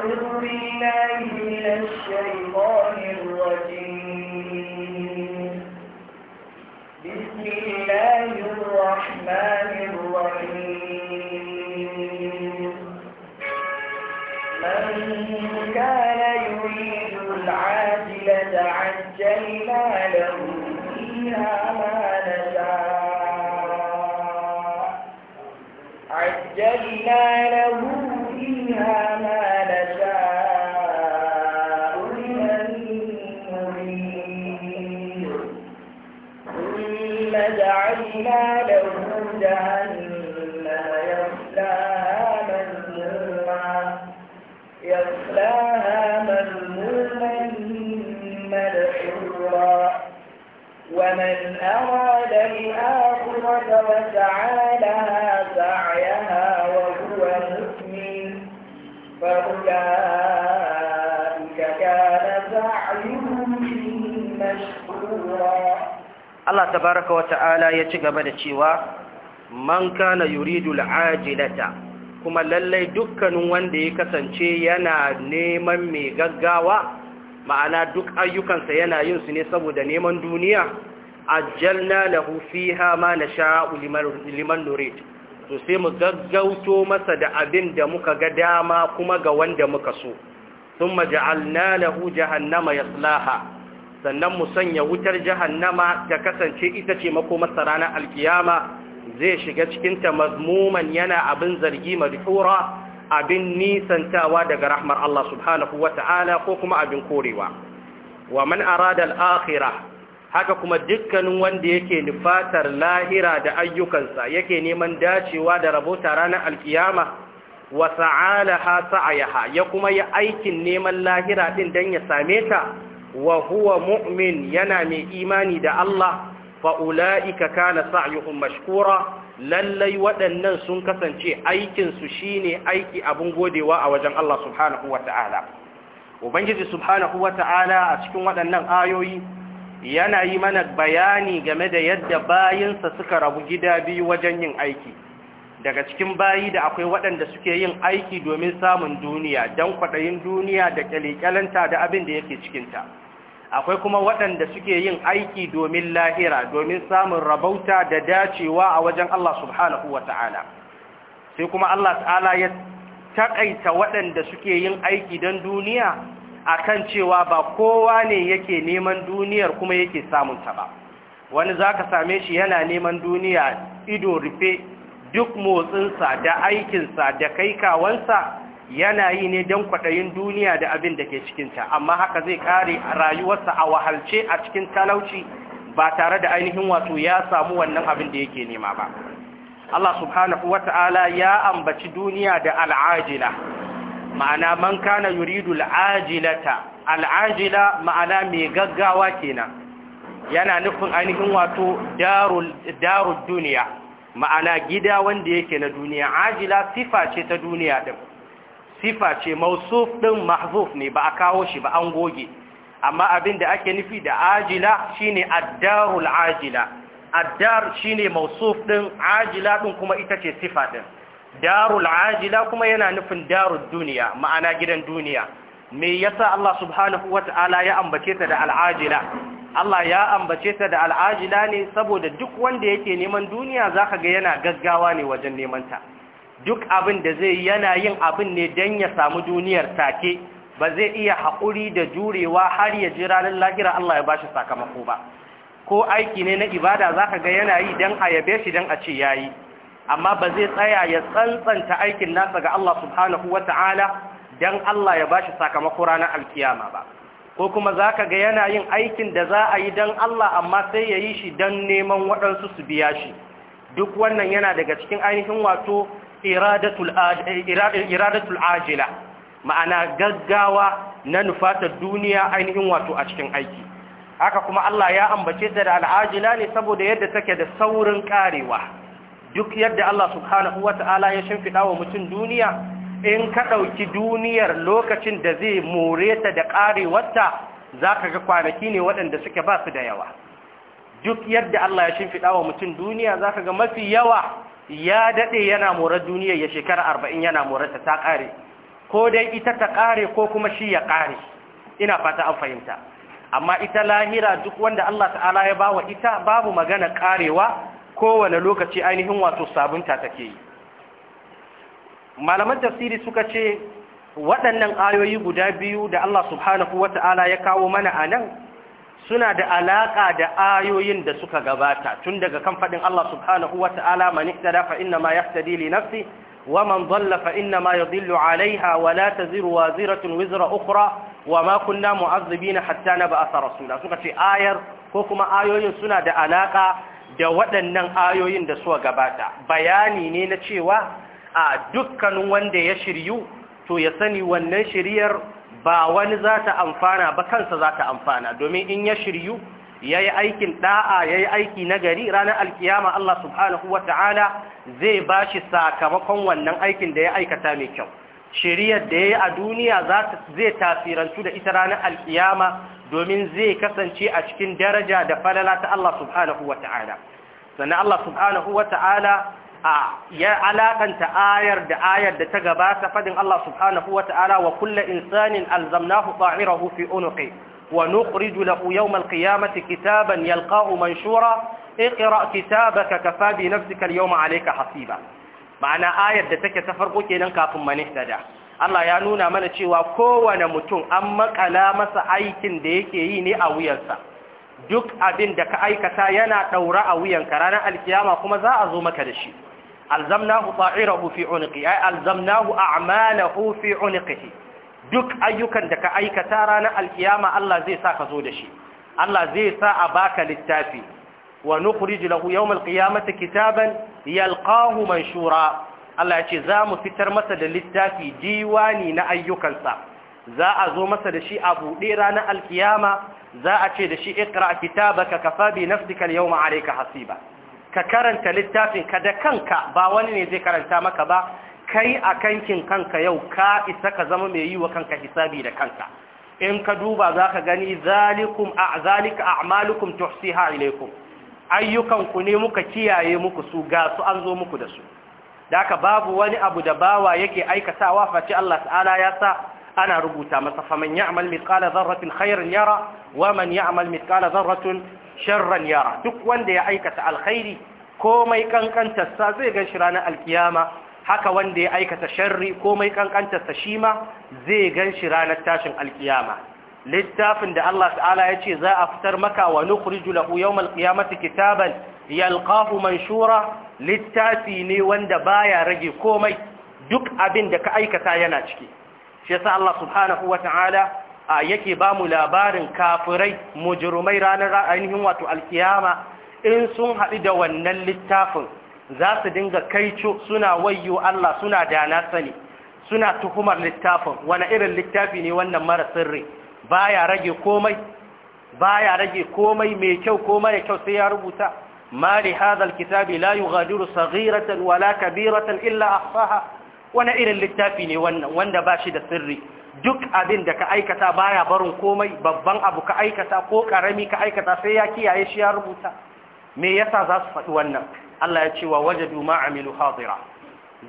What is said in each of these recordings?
أعوذ بالله من الشيطان الرجيم بسم الله الرحمن الرحيم من كان يريد العاجلة عجلنا له فيها ما نشاء عجلنا له أراد الآخرة وسعى لها سعيها وهو مؤمن فأولئك كان سعيهم مشكورا الله تبارك وتعالى من كان يريد العاجلة kuma lallai dukkanin wanda ya kasance yana neman mai gaggawa ma'ana duk ayyukansa yana yin su ne saboda neman duniya ajjalna lahu fiha ma nasha'u liman nurid to sai mu gaggauto masa da abin da muka ga dama kuma ga wanda muka so thumma ja'alna lahu jahannama yaslaha sannan mu sanya wutar jahannama ta kasance ita ce makomarsa ranar alkiyama zai shiga cikinta mazmuman yana abin zargi madhura abin nisantawa daga rahmar Allah subhanahu wata'ala ko kuma abin korewa wa man arada al-akhirah haka kuma dukkanin wanda yake nufatar lahira da ayyukansa yake neman dacewa da rabota ranar alkiyama wa sa'alaha sa'ayaha ya kuma yi aikin neman lahira din dan ya same ta wa huwa mu'min yana mai imani da Allah fa ulaika kana sa'yuhum mashkura lallai waɗannan sun kasance aikin su shine aiki abin godewa a wajen Allah subhanahu wata'ala ubangiji subhanahu wata'ala a cikin waɗannan ayoyi yana yi mana bayani game da yadda bayinsa suka rabu gida biyu wajen yin aiki daga cikin bayi da akwai waɗanda suke yin aiki domin samun duniya don kwaɗayin duniya da ƙyalƙyalanta da abin da yake cikinta akwai kuma waɗanda suke yin aiki domin lahira domin samun rabauta da dacewa a wajen Allah subhanahu wa ta'ala sai kuma Allah ta'ala ya taƙaita waɗanda suke yin aiki don duniya A kan cewa ba kowa ne yake neman duniyar kuma yake samun ta ba wani za ka same shi yana neman duniya ido rufe duk motsinsa da aikinsa da kaikawansa yana yi ne don kwaɗayin duniya da abin da ke cikinta amma haka zai kare rayuwarsa a wahalce a cikin talauci ba tare da ainihin wato ya samu wannan abin da yake nema ba Allah subhanahu wata'ala ya ambaci duniya da al'ajila ma'ana man kana yuridu al'ajilata al'ajila ma'ana mai gaggawa kenan yana nufin ainihin wato darul duniya ma'ana gida wanda yake na duniya ajila sifa ce ta duniya din sifa ce mausuf din mahzuf ne ba a kawo shi ba an goge amma abin da ake nufi da ajila shine ad-darul ajila ad-dar shine mausuf din ajila din kuma ita ce sifa din darul ajila kuma yana nufin darul duniya ma'ana gidan duniya me yasa Allah subhanahu wata'ala ya ambace ta da al'ajila Allah ya ambace ta da al'ajila ne saboda duk wanda yake neman duniya zaka ga yana gaggawa ne wajen neman ta duk abin da zai yana yin abin ne dan ya samu duniyar take ba zai iya haƙuri da jurewa har ya ji ranar lahira Allah ya bashi sakamako ba ko aiki ne na ibada zaka ga yana yi dan a yabe shi dan a ce yayi amma ba zai tsaya ya tsantsanta aikin nasa ga Allah subhanahu ta’ala dan Allah ya bashi sakamako ranar alkiyama ba ko kuma zaka ga yana yin aikin da za a yi dan Allah amma sai ya yi shi dan neman waɗansu su biya shi duk wannan yana daga cikin ainihin wato iradatul ajila ma'ana gaggawa na nufatar duniya ainihin wato a cikin aiki haka kuma Allah ya ambace ta da al'ajila ne saboda yadda take da saurin ƙarewa. duk yadda Allah subhanahu Ta'ala ya shimfiɗa wa mutum duniya in ka ɗauki duniyar lokacin da zai more ta da ƙarewarta za ka ga kwanaki ne waɗanda suke ba su da yawa duk yadda Allah ya shimfiɗa wa mutum duniya za ka ga mafi yawa ya daɗe yana morar duniyar ya shekara arba'in yana morarta ta ƙare ko dai ita ta ƙare ko kuma shi ya kare, ina fata an fahimta amma ita lahira duk wanda Allah ta'ala ya bawa ita babu magana ƙarewa kowane lokaci ainihin wato sabunta take yi malaman tafsiri suka ce waɗannan ayoyi guda biyu da Allah subhanahu wata'ala ya kawo mana a nan suna da alaƙa da ayoyin da suka gabata tun daga kan faɗin Allah subhanahu wata'ala man tsada fa inna ma yahtadi li nafsi wa man dhalla fa inna ma yadhillu 'alayha wa la wa waziratun wizra ukura wa ma kunna na hatta na rasula suka ce ayar ko kuma ayoyin suna da alaƙa da waɗannan ayoyin da suka gabata bayani ne na cewa a dukkanin wanda ya shiryu to ya sani wannan shiryar ba wani za ta amfana ba kansa za ta amfana domin in ya shiryu ya yi aikin ɗa'a ya yi aiki na gari ranar alkiyama Allah subhanahu wa ta'ala zai ba shi sakamakon wannan aikin da ya aikata mai kyau shiriyar da ya yi a duniya zai tasirantu da ita ranar alkiyama domin zai kasance a cikin daraja da falala ta Allah subhanahu wa ta'ala sannan Allah subhanahu wa ta'ala a ya alakanta ayar da ayar da ta gabata fadin Allah subhanahu wa ta'ala wa kullu insanin alzamnahu ta'irahu fi unuqi wa nukhriju lahu yawm alqiyamati kitaban yalqahu manshura iqra kitabaka kafa bi nafsika alyawma alayka hasiba ma'ana ayar da take ta farko kenan kafin da Allah ya nuna mana cewa kowane mutum an makala masa aikin da yake yi ne a wuyarsa duk abin da ka aikata yana ɗaura a wuyanka ranar alkiyama kuma za a zo maka da shi alzamnahu ta'irahu fi unqi ay alzamnahu a'malahu fi unqihi duk ayyukan da ka aikata ranar alkiyama Allah zai sa ka zo da shi Allah zai sa a baka littafi wa nukhrij lahu yawm alqiyamati kitaban yalqahu manshura Allah ya ce za mu fitar masa da littafi diwani na ayyukansa za a zo masa da shi a buɗe ranar alkiyama za a ce da shi ikra ka kafa bi yau al-yawma alayka hasiba ka karanta littafin ka da kanka ba wani ne zai karanta maka ba kai a kankin kanka yau ka isa ka zama mai yi wa kanka hisabi da kanka in ka duba za ka gani zalikum a zalika a'malukum tuhsiha ilaykum ayyukanku ne muka kiyaye muku su ga an zo muku da su da babu wani abu da bawa yake aikatawa face Allah ta'ala ya sa ana rubuta masa faman ya'mal mithqala dharratin khairan yara wa man ya'mal mithqala dharratin sharran yara duk wanda ya aikata alkhairi komai kankantar sa zai ganshi ranar alkiyama haka wanda ya aikata sharri komai kankantar sa shi ma zai ganshi ranar tashin alkiyama littafin da Allah ta'ala ya ce za a fitar maka wa nukhriju lahu yawmal qiyamati kitaban yalqahu manshura littafi ne wanda baya rage komai duk abin da ka aikata yana ciki shi yasa Allah subhanahu wata'ala yake ba mu labarin kafirai mujrumai ranar ainihin wato alkiyama in sun haɗu da wannan littafin za su dinga kaico suna wayyo Allah suna dana sani suna tuhumar littafin wani irin littafi ne wannan mara sirri baya rage komai baya rage komai mai kyau ko mara kyau sai ya rubuta ma li Kitabi, alkitabi la yughadiru saghiratan wala kabiratan illa ahsaha wani irin littafi ne wannan wanda ba shi da sirri duk abin da ka aikata baya barin komai babban abu ka aikata ko karami ka aikata sai ya kiyaye shi ya rubuta me yasa za su faɗi wannan Allah ya ce wa wajadu ma amilu hadira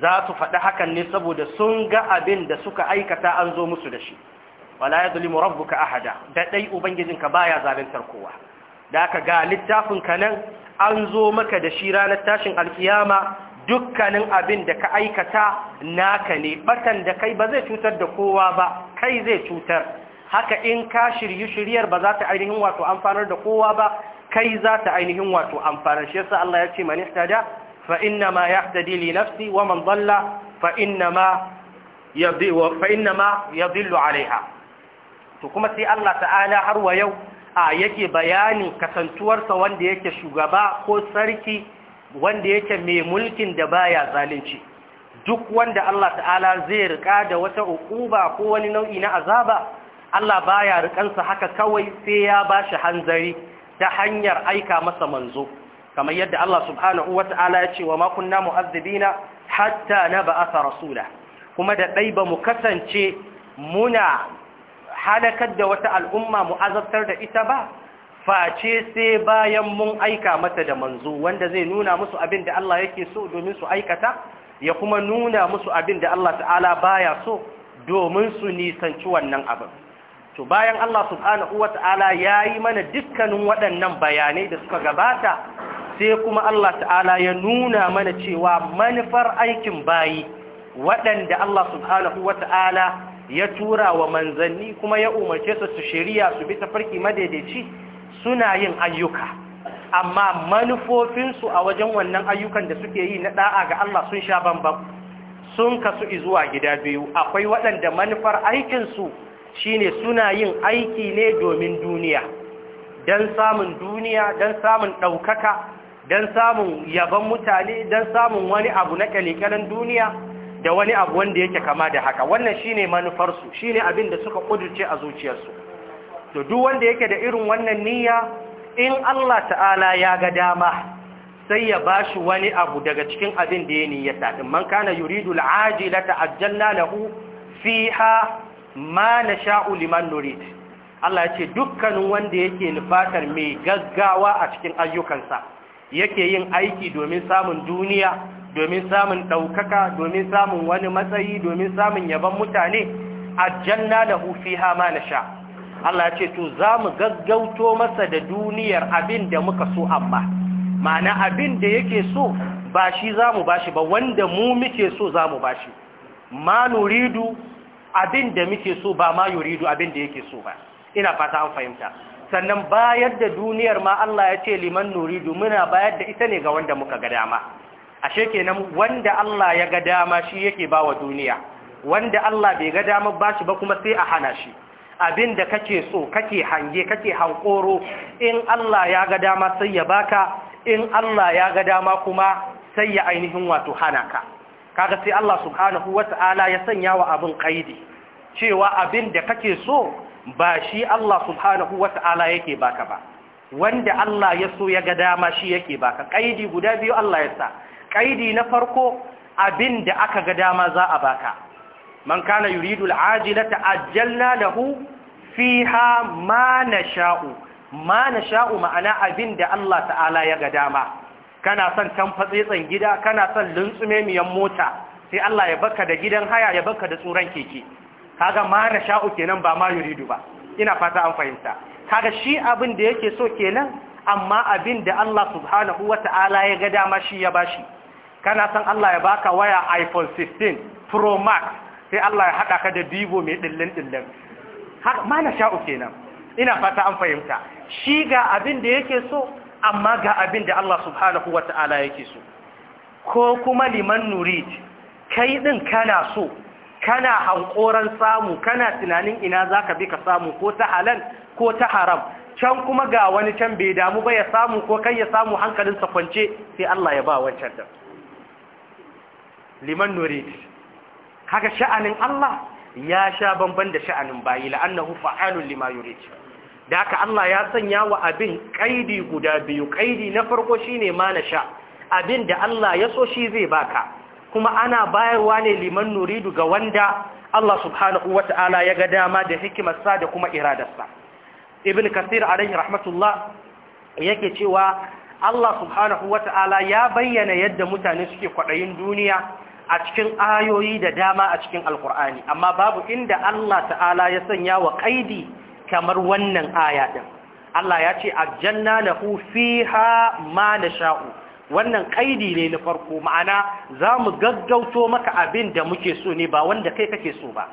za su faɗi hakan ne saboda sun ga abin da suka aikata an zo musu da shi wala yadlimu rabbuka ahada da dai ubangijinka baya zaluntar kowa da aka ga littafin ka nan an zo maka da shi ranar tashin alkiyama dukkanin abin da ka aikata naka ne batan da kai ba zai cutar da kowa ba kai zai cutar haka in ka shiryu shiryar ba za ta ainihin wato amfanar da kowa ba kai za ta ainihin wato amfanar shi yasa Allah ya ce man ihtada fa inna ma yahtadi li nafsi wa man dalla fa inna ma wa fa inna ma yadhillu alaiha to kuma sai Allah ta'ala har wa yau a yake bayanin kasantuwarsa wanda yake shugaba ko sarki wanda yake mai mulkin da baya zalunci duk wanda Allah ta'ala zai rika da wata uquba ko wani nau'i na azaba Allah baya rikansa haka kawai sai ya bashi hanzari ta hanyar aika masa manzo kamar yadda Allah subhanahu wata'ala ya ce wa ma kunna mu'azzibina hatta naba'atha rasula kuma da dai ba mu kasance muna halakar da wata al'umma mu azabtar da ita ba face sai bayan mun aika mata da manzo wanda zai nuna musu abin da Allah yake so domin su aikata ya kuma nuna musu abin da Allah ta'ala baya so domin su nisanci wannan abin to bayan Allah subhanahu wata'ala yayi mana dukkanin waɗannan bayanai da suka gabata sai kuma Allah ta'ala ya nuna mana cewa manufar aikin bayi waɗanda Allah subhanahu wata'ala ya tura wa manzanni kuma ya umarce su su shirya su bi tafarki madaidaici suna yin ayyuka amma manufofinsu a wajen wannan ayyukan da suke yi na ɗa'a ga Allah sun sha bambam sun kasu zuwa gida biyu akwai waɗanda manufar aikinsu shine suna yin aiki ne domin duniya don samun duniya don samun ɗaukaka don samun yaban mutane don samun wani abu na ƙyalƙyalen duniya da wani abu wanda yake kama da haka wannan shine manufarsu shine abin da suka ƙudurce a zuciyarsu to duk wanda yake da irin wannan niyya in Allah ta'ala ya ga dama sai ya ba shi wani abu daga cikin abin da ya niyyata din man kana yuridu al'ajilata ajjalna lahu fiha ma nasha'u liman nurid Allah ya ce dukkanin wanda yake nufatar mai gaggawa a cikin ayyukansa yake yin aiki domin samun duniya domin samun ɗaukaka domin samun wani matsayi domin samun yaban mutane ajjalna lahu fiha ma nasha'u Allah ya ce to za mu gaggauto masa da duniyar abin da muka so amma ma'ana abin da yake so ba shi za mu bashi ba wanda mu muke so za mu bashi ma nuridu abin da muke so ba ma yuridu abin da yake so ba ina fata an fahimta sannan bayar da duniyar ma Allah ya ce liman nuridu muna bayar da ita ne ga wanda muka ga dama ashe kenan wanda Allah ya ga dama shi yake bawa duniya wanda Allah bai ga dama bashi ba kuma sai a hana shi abin da kake so kake hange kake hankoro in Allah ya ga dama sai ya baka in Allah ya ga dama kuma sai ya ainihin wato hana ka kaga sai Allah subhanahu wata'ala ya sanya wa abin kaidi cewa abin da kake so ba shi Allah subhanahu wata'ala yake baka ba wanda Allah ya so ya ga dama shi yake baka kaidi guda biyu Allah ya sa kaidi na farko abin da aka ga dama za a baka man kana yuridu al'ajilata ajjalna lahu fiha ma nasha'u ma nasha'u ma'ana abin da Allah ta'ala ya ga dama kana son tsan gida kana son luntsume miyan mota sai Allah ya baka da gidan haya ya baka da tsuran keke kaga ma nasha'u kenan ba ma yuridu ba ina fata an fahimta kaga shi abin da yake so kenan amma abin da Allah subhanahu wata'ala ya ga dama shi ya bashi kana son Allah ya baka waya iPhone 16 Pro Max sai Allah ya haɗa ka da divo mai ɗillin ɗillin ma na sha'u kenan ina fata an fahimta shi ga abin da yake so amma ga abin da Allah subhanahu wa ta'ala yake so ko kuma liman nurid kai ɗin kana so kana hankoran samu kana tunanin ina za ka bi ka samu ko ta halal ko ta haram can kuma ga wani can bai damu ba ya samu ko kai ya samu hankalinsa kwance sai Allah ya ba wancan da liman nurid haka sha'anin Allah ya sha bamban da sha'anin bayi la'annahu fa'alun lima yurid da haka Allah ya sanya wa abin kaidi guda biyu kaidi na farko shine ma na sha abin da Allah ya so shi zai baka kuma ana bayarwa ne liman nuridu ga wanda Allah subhanahu wata'ala ya ga dama da hikimarsa da kuma iradarsa ibn kasir alaihi rahmatullah yake cewa Allah subhanahu wata'ala ya bayyana yadda mutane suke kwaɗayin duniya a cikin ayoyi da dama a cikin alkur'ani amma babu inda Allah ta'ala ya sanya wa kaidi kamar wannan aya din Allah ya ce na lahu fiha ma nasha'u wannan kaidi ne na farko ma'ana za mu gaggauto maka abin da muke so ne ba wanda kai kake so ba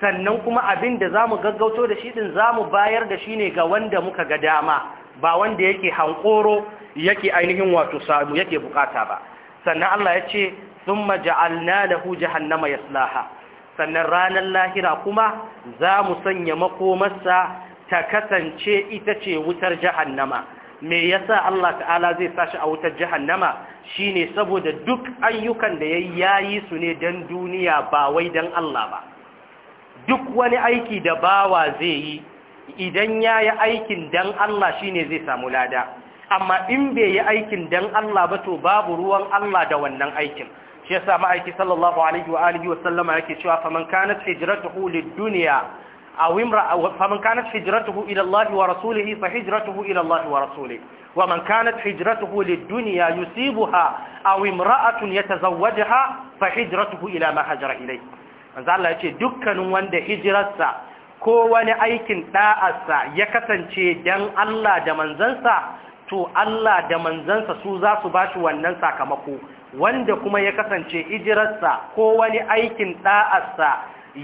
sannan kuma abin da za mu gaggauto da shi ɗin za mu bayar da shi ne ga wanda muka ga dama ba wanda yake hankoro yake ainihin wato samu yake bukata ba sannan Allah ya ce Sun da ja'alna lahu ya yaslaha sannan ranar lahira kuma za mu sanya makomarsa ta kasance ita ce wutar jahannama me yasa Allah ta'ala zai sashi a wutar jahannama shine saboda duk ayyukan da ya yayi su ne don duniya ba wai dan Allah ba duk wani aiki da bawa zai yi idan ya yi aikin dan Allah shi ne zai samu lada amma in bai yi aikin dan Allah ba to babu ruwan Allah da wannan aikin shi yasa ma'aiki sallallahu alaihi wa alihi wa sallama yake cewa faman kanat hijratuhu lid-dunya aw imra faman kanat hijratuhu ila Allah wa rasulihi fa hijratuhu ila Allah wa rasulihi wa man kanat hijratuhu lid-dunya yusibuha aw imra'atun yatazawwajuha fa hijratuhu ila ma hajara ilayhi manzo Allah yace dukkanin wanda hijrarsa ko wani aikin da'arsa ya kasance dan Allah da manzansa to Allah da manzansa su za su bashi wannan sakamako wanda kuma ya kasance ijirarsa ko wani aikin ɗa'arsa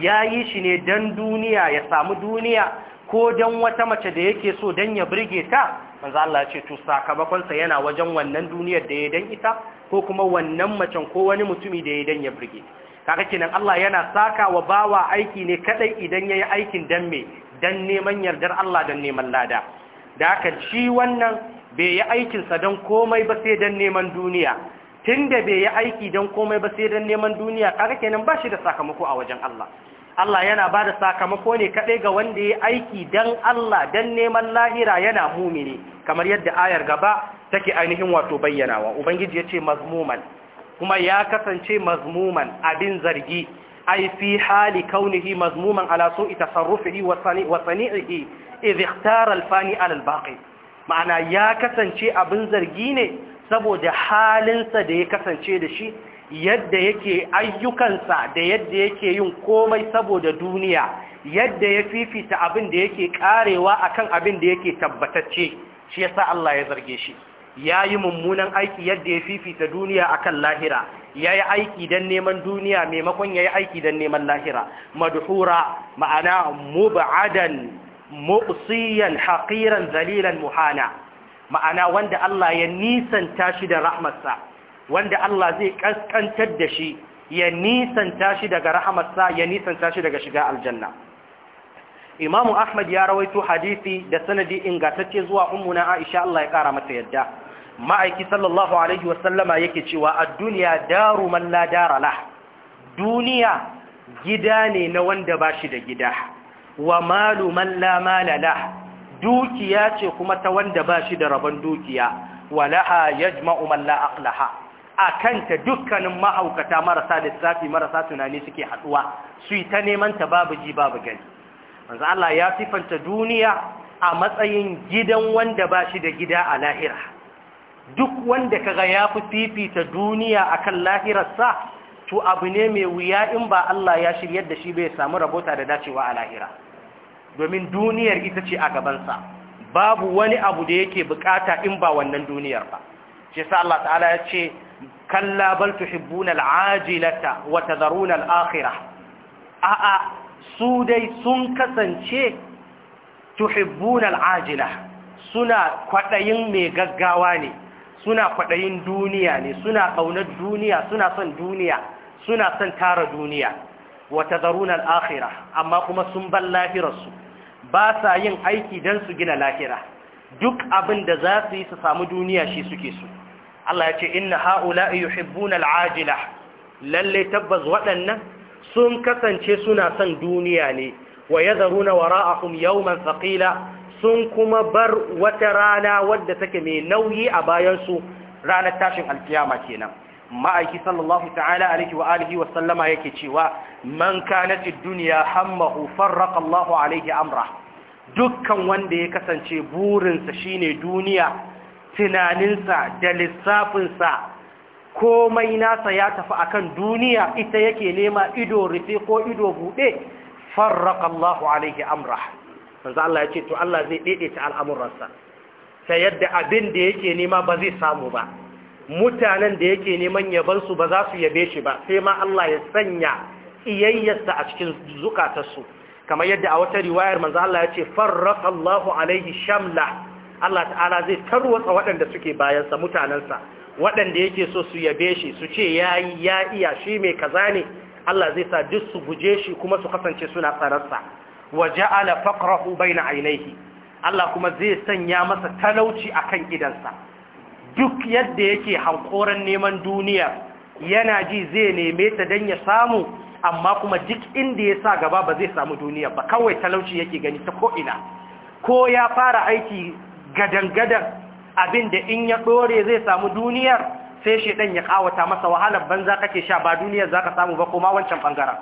ya yi shi ne don duniya ya samu duniya ko don wata mace da yake so don ya birge ta manzo Allah ce to sakamakonsa yana wajen wannan duniyar da ya dan ita ko kuma wannan macen ko wani mutumi da ya dan ya birge kaka kenan Allah yana saka wa bawa aiki ne kadai idan ya yi aikin don me dan neman yardar Allah dan neman lada da aka ci wannan bai yi aikinsa don komai ba sai don neman duniya tun da bai yi aiki don komai ba sai don neman duniya ƙara kenan ba shi da sakamako a wajen Allah Allah yana ba da sakamako ne kaɗai ga wanda ya aiki don Allah don neman lahira yana mumini kamar yadda ayar gaba take ainihin wato bayyanawa ubangiji ya ce mazmuman kuma ya kasance mazmuman abin zargi ai fi hali kaunihi mazmuman ala ita sarrufi wa sani'ihi idh ikhtara alfani fani ma'ana ya kasance abin zargi ne saboda halinsa da ya kasance da shi yadda yake ayyukansa da yadda yake yin komai saboda duniya yadda ya fifita abin da yake karewa akan abin da yake tabbatacce shi yasa Allah ya zarge shi ya yi mummunan aiki yadda ya fifita duniya akan lahira ya yi aiki don neman duniya maimakon ya yi aiki don neman lahira madhura ma'ana mub'adan muqsiyan haqiran zalilan muhana ma'ana wanda Allah ya nisanta shi da rahmatsa wanda Allah zai kaskantar da shi ya nisanta shi daga rahmarsa ya nisanta shi daga shiga aljanna Imam Ahmad ya rawaito hadisi da sanadi ingantacce zuwa ummuna Aisha Allah ya kara mata yadda ma'aiki sallallahu alaihi wasallama yake cewa ad-dunya daru man la dara lah duniya gida ne na wanda ba shi da gida wa malu man la mala lah dukiya ce kuma ta wanda ba shi da rabon dukiya walaha yajma'u man la aqlaha akanta dukkanin mahaukata marasa lissafi marasa tunani suke haduwa su yi ta neman ta babu ji babu gani manzo Allah ya sifanta duniya a matsayin gidan wanda ba shi da gida a lahira duk wanda kaga ya fi fifita duniya akan lahirarsa to abu ne mai wuya in ba Allah ya shiryar da shi bai samu rabota da dacewa a lahira domin duniyar ita ce a gabansa babu wani abu da yake bukata in ba wannan duniyar ba shi sa Allah ta'ala ya ce kalla bal tuhibbuna al'ajilata wa tadharuna al'akhirah a'a su dai sun kasance tuhibbuna al'ajila suna kwadayin mai gaggawa ne suna kwadayin duniya ne suna kaunar duniya suna son duniya suna son tara duniya Wata tazaruna al amma kuma sun bar lahirarsu ba sa yin aiki dan su gina lahira duk abin da za su yi su samu duniya shi suke su Allah ya ce inna ha'ula'i yuhibbuna al al'ajila. lalle tabbas waɗannan sun kasance suna son duniya ne wa yadharuna wara'ahum yawman thaqila sun kuma bar wata rana wadda take mai nauyi a bayan su ranar tashin alkiyama kenan ma'aiki sallallahu ta'ala alaihi wa alihi wa sallama yake cewa man kanati duniya hammahu farraka Allahu alaihi amra dukkan wanda ya kasance burinsa shine duniya tunaninsa da lissafinsa komai nasa ya tafi akan duniya ita yake nema ido rufe ko ido buɗe farraka Allahu alaihi amra manzo Allah ya ce to Allah zai ta al'amuransa sai yadda abin da yake nema ba zai samu ba mutanen da yake neman yabansu ba za su yabe shi ba sai ma Allah ya sanya iyayyarsa a cikin zukatarsu kamar yadda a wata riwayar manzo Allah ya ce farraqa Allahu alaihi shamla Allah ta'ala zai tarwatsa waɗanda suke bayansa mutanensa waɗanda yake so su yabe shi su ce yayi ya iya shi mai kaza ne Allah zai sa duk su guje shi kuma su kasance suna tsararsa wa ja'ala faqrahu bayna aynayhi Allah kuma zai sanya masa talauci akan idansa duk yadda yake hankoran neman duniya yana ji zai neme ta don ya samu amma kuma duk inda ya sa gaba ba zai samu duniya ba kawai talauci yake gani ta ko'ina ko ya fara aiki gadan-gadan abin in ya ɗore zai samu duniyar sai shaidan ya ƙawata masa wahalar banza kake sha ba duniyar za ka samu ba koma wancan ɓangaren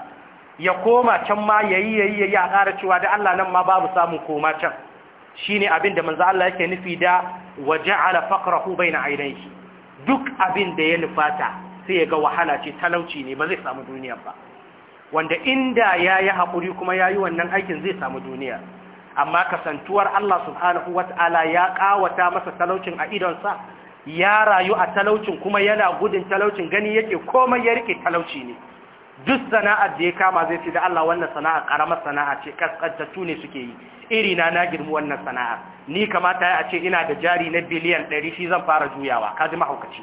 ya koma can ma ya yi ya yi a ƙara cewa da Allah nan ma babu samun koma can shine abin da manzo Allah yake nufi da bai faqrahu baina ainihi duk abin da ya nufata sai ya ga wahala ce talauci ne ba zai samu duniya ba wanda inda yayi hakuri kuma ya yi wannan aikin zai samu duniya amma kasantuwar Allah subhanahu wata'ala ya kawata masa talaucin a idonsa ya rayu a talaucin kuma yana gudun talaucin gani yake komai ya rike talauci ne duk sana'ar da ya kama zai ce da Allah wannan sana'a karamar sana'a ce kaskantattu ne suke yi iri na na girmi wannan sana'a ni kamata ya ce ina da jari na biliyan 100 shi zan fara juyawa Ka ji mahaukaci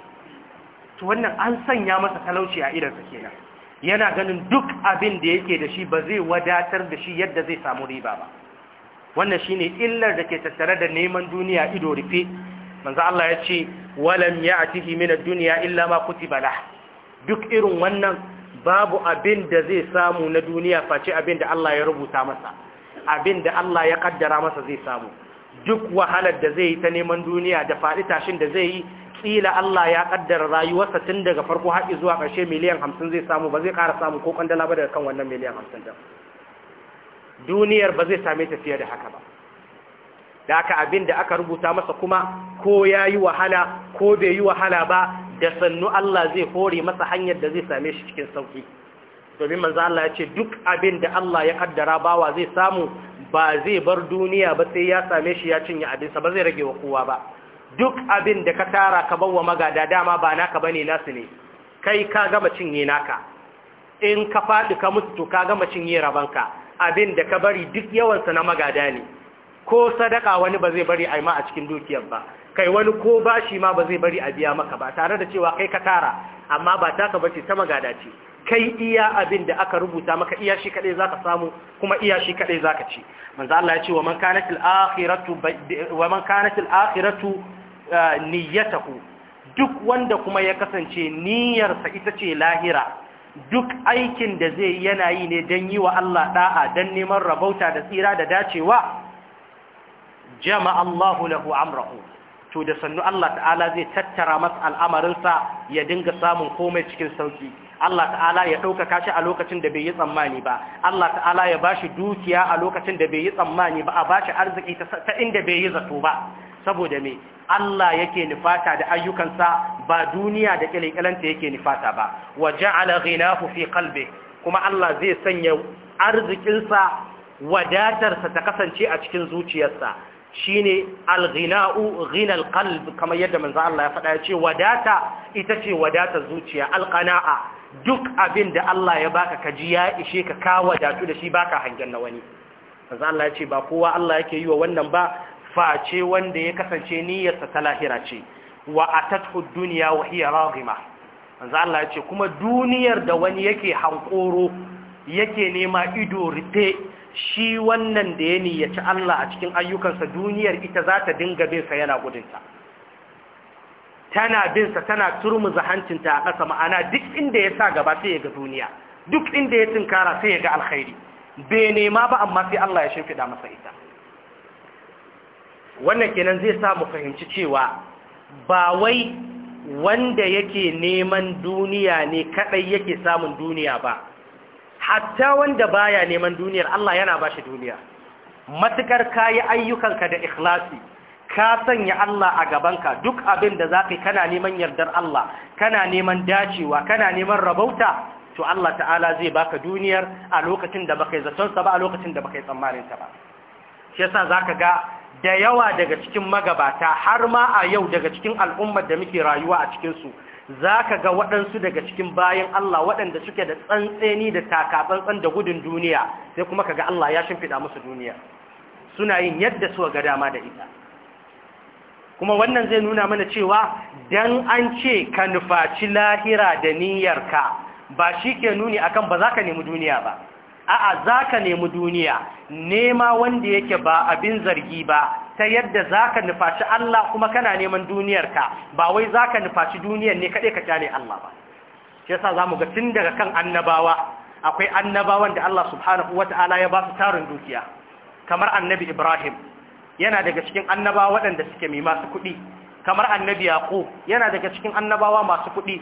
to wannan an sanya masa talauci a idansa kenan yana ganin duk abin da yake da shi ba zai wadatar da shi yadda zai samu riba ba wannan shine illar da ke tattare da neman duniya ido rufe manzo Allah ya ce walam ya'tihi min ad-dunya illa ma kutiba lah duk irin wannan babu abin da zai samu na duniya face abin da Allah ya rubuta masa abin da Allah ya kaddara masa zai samu duk wahalar da zai yi ta neman duniya da faɗi tashin da zai yi tsila Allah ya kaddara rayuwarsa tun daga farko har zuwa ƙarshe miliyan hamsin zai samu ba zai ƙara samu ko ƙandala ba daga kan wannan miliyan hamsin duniyar ba zai same ta fiye da haka ba da aka abin da aka rubuta masa kuma ko ya yi wahala ko bai yi wahala ba da sannu Allah zai hore masa hanyar da zai same shi cikin sauki domin manzo Allah ya ce duk abin da Allah ya kaddara bawa zai samu ba zai bar duniya ba sai ya same shi ya cinye abinsa ba zai rage wa kowa ba duk abin da ka tara ka bawa magada dama ba naka bane nasu ne kai ka gama cinye naka in ka faɗi ka mutu ka gama cinye rabanka abin da ka bari duk yawansa na magada ne ko sadaka wani ba zai bari aima a cikin dukiyar ba kai wani ko bashi ma ba zai bari a biya maka ba tare da cewa kai ka tara amma ba taka bace ta magada ce kai iya abin da aka rubuta maka iya shi kadai zaka samu kuma iya shi kadai zaka ci manzo Allah ya ce wa man kanat al-akhiratu wa man kanat al-akhiratu niyyatuhu duk wanda kuma ya kasance niyyarsa ita ce lahira duk aikin da zai yana yi ne don yi wa Allah da'a don neman rabauta da tsira da dacewa jama'a Allahu lahu amrahu to da sannu Allah ta'ala zai tattara masa al'amarinsa ya dinga samun komai cikin sauki Allah ta'ala ya ɗaukaka shi a lokacin da bai yi tsammani ba Allah ta'ala ya bashi dukiya a lokacin da bai yi tsammani ba a bashi shi arziki ta inda bai yi zato ba saboda me Allah yake nufata da ayyukansa ba duniya da kyalkyalanta yake nufata ba wa ja'ala ghinahu fi qalbi kuma Allah zai sanya arzikinsa wadatarsa ta kasance a cikin zuciyarsa shine al-ghina'u ghinal qalb kamar yadda manzo Allah ya faɗa yace wadata ita ce wadata zuciya al duk abin da Allah ya baka kaji ya ishe ka ka wadatu da shi baka hangen na wani manzo Allah yace ba kowa Allah yake yi wa wannan ba face wanda ya kasance niyyarsa ta lahira ce wa atathu dunya wa hiya raghima manzo Allah yace kuma duniyar da wani yake hankoro yake nema ido rufe shi wannan da ya niyyaci Allah a cikin ayyukansa duniyar ita za ta dinga binsa yana gudunta tana binsa tana turmuza hancinta a ƙasa ma'ana duk inda ya sa gaba sai ya ga duniya duk inda ya tunkara sai ya ga alkhairi bai nema ba amma sai Allah ya shimfiɗa masa ita wannan kenan zai sa mu fahimci cewa ba wai wanda yake neman duniya ne kaɗai yake samun duniya ba hatta wanda baya neman duniyar Allah yana ba shi duniya matukar kayi ayyukanka da ikhlasi ka sanya Allah a gabanka duk abin da za kana neman yardar Allah kana neman dacewa kana neman rabauta to Allah ta'ala zai baka duniyar a lokacin da baka yi sa ba a lokacin da baka tsammanin ta ba shi yasa za ga da yawa daga cikin magabata har ma a yau daga cikin al'ummar da muke rayuwa a cikin su za ka ga waɗansu daga cikin bayan Allah waɗanda suke da tsantseni da takatsantsan da gudun duniya sai kuma ka ga Allah ya shimfiɗa musu duniya suna yin yadda suka ga dama da ita kuma wannan zai nuna mana cewa dan an ce ka nufaci lahira da niyyarka ba shi ke nuni akan ba za ka nemi duniya ba a'a ka nemi duniya nema wanda yake ba abin zargi ba ta yadda za ka nufaci Allah kuma kana neman duniyarka ba wai za ka nufaci duniyar ne kaɗai ka kyale Allah ba shi yasa mu ga tun daga kan annabawa akwai annabawan da Allah subhanahu ta'ala ya ba su tarin dukiya kamar annabi Ibrahim yana daga cikin annabawa waɗanda suke mai masu kuɗi kamar annabi Yaqub yana daga cikin annabawa masu kuɗi